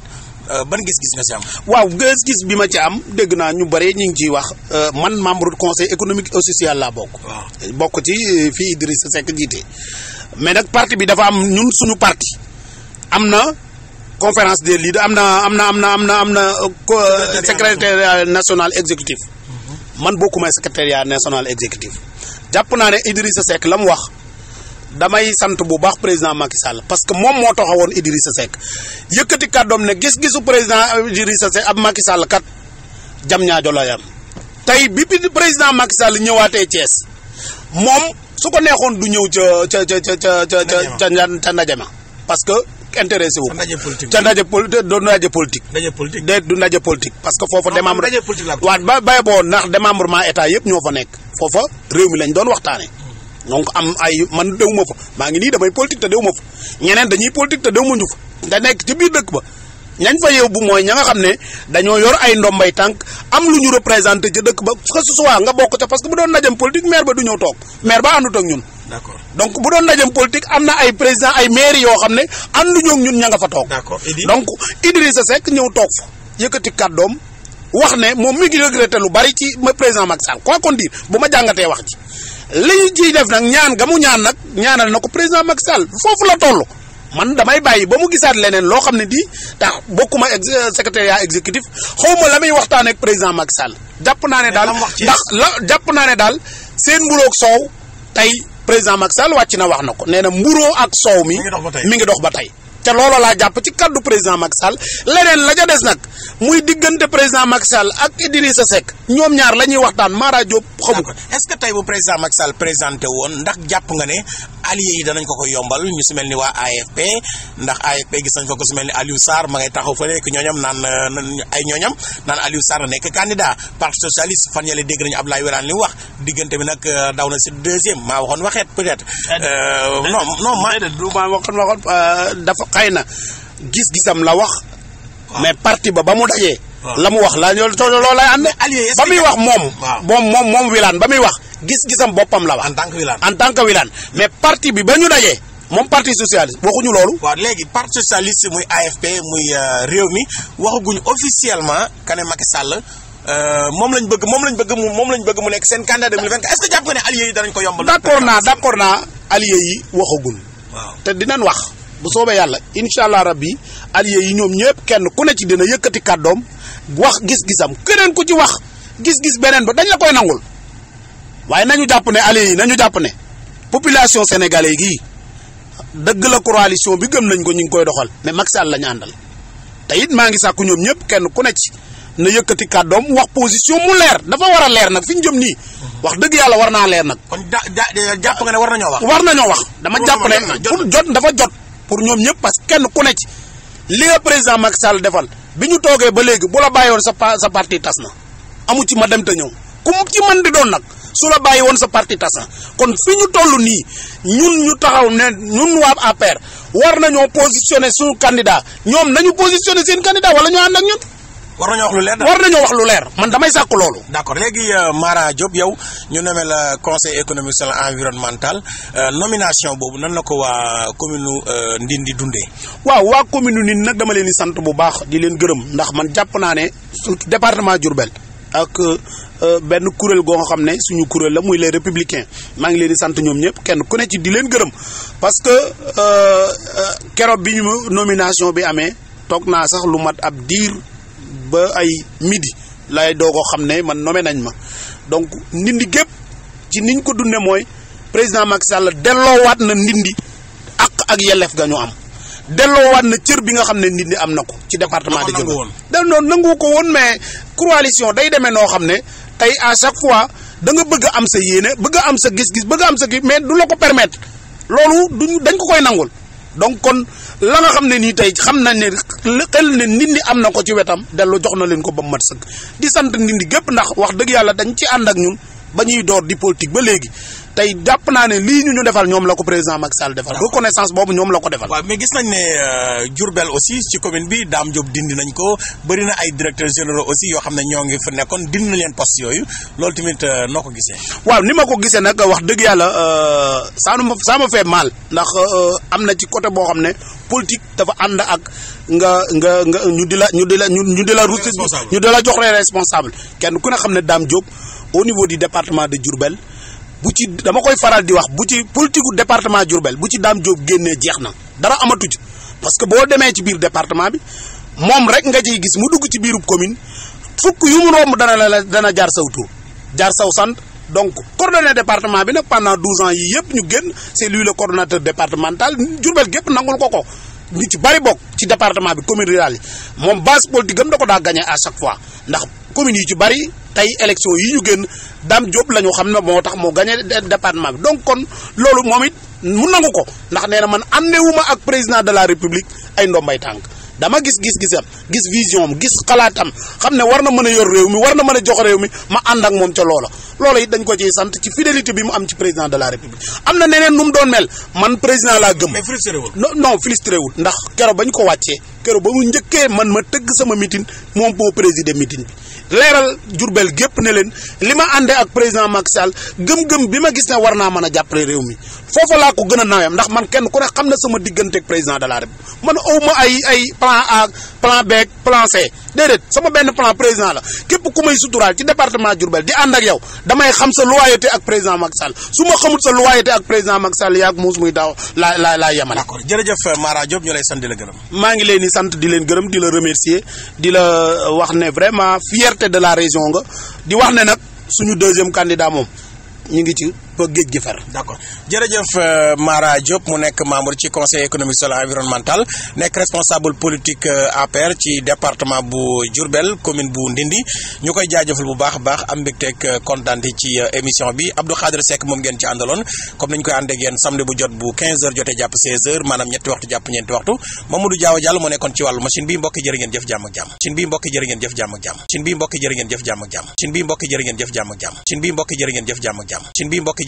euh, ban gis-gis nga ci am. waaw gis-gis bi ma ci am dégg naa ñu bare ñu ngi ciy wax euh, man membre du conseil économique et social bokk. bokk ci fii Idrissa Seck jiite. mais nag parti bi dafa am ñun suñu parti am na conférence des leaders am na am na am na am na am na secrétaire national exécutif. man bokkuma secrétariat national exécutif jàpp naa ne Idrissa Seck la mu wax damay sant bu baax président Macky Sall parce que moom moo taxawoon Idrissa Seck yëkkati kàddoom ne gis-gisu président Idrissa Seck ab Macky Sall kat jam ñaajo la yam président Macky Sall ñëwaatee Thiès moom su ko neexoon du ñëw ca ca ca ca ca ca ca ca parce que intéressé wu ca ndaje politique du ndaje politique déet du ndaje politique parce que foofa ah, démembre waaw ba bay boo ndax démembrement état yëpp ñoo fa nekk foofa réew mi lañ doon waxtaane donc am ay man déwuma fa maa ngi nii damay politique te déwuma fa ñeneen dañuy politique te déwuma ñu fa da nekk ci biir dëkk ba ñañ fa yeew bu mooy ña xam ne dañoo yor ay ndombay tànk am lu ñu représenté ci dëkk ba que ce soit nga bokk ca parce que bu doon najam politique maire ba du ñëw toog d'accord donc bu doon ndajem politique am na ay président ay maire yoo xam ne ànduñoo ñun ña nga fa toog. d'accord donc Idrissa Seck ñëw toog fa yëkkati doom wax ne moom mi ngi regretté lu bari ci ma président Macky Sall quoi qu'on dise bu ma jàngatee wax ji li ñu ciy def nag ñaan gamu ñaan nag ñaanal na ko président Macky Sall foofu la toll. man damay bàyyi ba mu gisaat leneen loo xam ne di tax bokkuma ex secrétariat exécutif xaw ma la muy waxtaanee président Macky Sall. jàpp naa ne daal ndax la jàpp naa daal seen mburoog soow tey président Macky Sall wàcc na wax na ko nee na mburoo ak soow mi mi ngi dox ba tey ca loola laa jàpp ci kaddu président Macky Sall leneen la ca des nag muy diggante président Macky Sall ak Idrissa Seck ñoom ñaar la ñuy waxtaan Mara Diop xamu ko. est-ce que tey bu président Macky Sall présenté woon ndax jàpp nga ne alliés yi danañ ko ko yombal ñu si mel ni waa AFP ndax AFP gis nañ ko ko si mel ni Aliou Sarr ma ngay taxaw fa nekk ñooñam naan euh, ay ñooñam na Aliou Sarr nekk candidat parti socialiste fan yële dégg nañu Abdoulaye Wilane li mu wax diggante bi nag euh, daw na si d maa waxoon waxeet peut-être. Euh, non non maa. xëy na gis-gisam la wax. mais parti ba ba mu dajee. la mu wax la loolu loolu lay ànd. allié ba muy wax moom. moom moom moom Wilane ba muy wax gis-gisam boppam la wax. en tant que en tant que mais parti bi ba ñu dajee. moom parti socialiste waxuñu loolu. waaw léegi parti socialiste muy AFP muy euh, réew mi waxaguñu officiellement que ne Macky Sall euh, moom lañ bëgg moom lañ bëgg mu moom lañ bëgg mu nekk seen candidat 2024 est-ce que jàpp nga ne alliés yi danañ ko yombal. naa d'accord yi waxaguñ. te dinañ wax. bu soobee yàlla incha allah rabbi alliés yi ñoom ñëpp kenn ku ne ci dina yëkkati kàddoom wax gis-gisam keneen ku ci wax gis-gis beneen ba dañ la koy nangul waaye nañu jàpp ne alliés yi nañu jàpp ne population sénégalais gii dëgg la coalition bi gëm nañ ko ñu ngi koy doxal mais Macky Sall la ñu àndal te it maa ngi sàkku ñoom ñëpp kenn ku nekk ci na yëkkati kàddoom wax position mu leer dafa war a leer nag fi ñu jëm nii. wax dëgg yàlla war naa leer nag. kon jàpp nga ne war nañoo wax. war nañoo wax dama jàpp ne jot dafa jot. pour ñoom ñëpp parce que kenn ku ne ci li nga président Macky Sall defal bi ñu toogee ba léegi bu la bàyyi woon sa sa parti tas na amu ci ma dem te ñëw ku ci man di doon nag su la bàyyi woon sa parti tas na kon fi ñu toll nii ñun ñu taxaw ne ñun waa APR war nañoo positionné suñu candidat ñoom nañu positionné seen candidat wala ñu ànd nag ñun. war nañoo wax lu leer war nañoo wax lu leer man damay sàkk loolu. d'accord léegi euh, Mara Diop yow ñu nommé la conseil économique social environnemental euh, nomination boobu nan la ko waa commune euh, Ndindi dundee. waaw waa commune Ndindi nag dama leen di sant bu baax di leen gërëm ndax man jàpp naa ne surtout département Diourbel. ak benn kuréel goo xam ne suñu kuréel la muy les républicain maa ngi leen di sant ñoom ñëpp kenn ku ne ci di leen gërëm parce que keroog bi ñu nomination bi amee toog naa sax lu mat ab diir ba ay midi lay doogoo xam ne man nome nañ ma donc ndindi gépp ci niñ ko dunde mooy président Macky Sall delloowaat na ndindi ak ak yelleef ga ñu am delloowaat na cër bi nga xam ne ndindi am na ko ci département de Diourbel da noonu nangu ko woon mais coalition day demee noo xam ne tey à chaque fois da nga bëgg am sa yéene bëgg am sa gis-gis bëgg am sa kii mais du la ko permetre loolu ñu dañ ko koy nangul donc kon la nga xam ne nii tey xam nañ ne xel ne ndindi am na ko ci wetam dellu jox na leen ko ba mu mat sëkk di sant ndindi gépp ndax wax dëgg yàlla dañ ci ànd ak ñun ba ñuy door di politique ba léegi tey jàpp naa ne lii ñu ñu defal ñoom la ko président Macky Sall defal reconnaissance boobu ñoom la ko defal waaw mais gis nañ ne euh, Diourbel aussi ci commune bi daam Diop dindi nañ ko bëri na ay directeurs généraux aussi yoo xam ne ñoo ngi fa nekkoon dindi na leen poste loolu tamit euh, noo ko gisee waaw ni ma ko gisee nag wax dëgg yàlla saanuma euh, ça me fait mal am na ci côté boo xam ne politique dafa ànd ak nga nga nga ñu di la ñu di la ñu di la ruus ñu di la jox responsable kenn ku ne xam ne daam Diop au niveau de département de Diourbel bu ci dama koy faral di wax bu ci politique gu département Diourbel bu ci Dame Diop génnee jeex na dara amatu ci parce que boo demee ci biir département bi moom rek nga ci gis mu dugg ci biiru commune fukk yu mu romb dana la dana jaar saw tur jaar saw sant donc coordonné département bi nag pendant douze yi yëpp ñu génn c'est lui départemental Diourbel gépp nangul ko ko ñu ci bari bokk ci département bi commune rurale yi moom base politique am da ko daa gagné à chaque fois ndax commune yi ci bari tey élection yi ñu génn Dame Diop la ñu xam na moo tax moo gagné département bi donc kon loolu moom it mu nangu ko ndax nee na man àndewuma ak président de la république ay ndombay tànk dama gis gis gisam gis vision am gis xalaatam xam ne war na mën a yor réew mi war na mën a jox réew mi ma ànd ak moom ca loola loola it dañ ko ciy sant ci fidélité bi mu am ci président de la république am na neneen nu mu doon mel man président laa gëm. mais frustré wul non non frustré ndax kero ba ko wàccee kero ba mu man ma tëgg sama meeting moom boo présider meeting bi. leeral jurbel gépp ne leen li ma àndee ak président Macky Sall gëm-gëm bi ma gis ne war naa mën a jàppale réew mi foofa laa ko gën a nawem ndax man kenn ku ne xam na sama diggante président de la République man aw ma ay ay plan A plan B plan C déedéet sama benn plan président la képp ku may suturaal ci département Diourbel di ànd ak yow damay xam sa loyauté ak président Macky Sall su ma xamul sa loyauté ak président Macky Sall yaag muus muy daaw laa laa laa yemal. d'accord jërëjëf Mara Diop ñu lay sant di maa ngi leen di sant di leen gërëm di la remercier di la euh, wax ne vraiment fierté de la région nga di wax ne nag suñu deuxième candidat moom ñu ngi ci ba géej gi far. d'accord jërëjëf euh, Mara Diop mu nekk membre ci conseil économique social environnemental nekk responsable politique euh, APR ci département bu Diourbel commune bu Ndindi ñu koy jaajëfal bu baax a baax am mbégteeg kontaan ci euh, émission bi Abdou Khadre Seck moom ngeen ci àndaloon comme niñ koy ànd ak yéen bu jot bu 15 jotee jàpp 16 maanaam ñetti waxtu jàpp ñeenti waxtu Mamadou Diaw Diallo moo nekkoon ci wàllu machine bi bi mbokk jàmm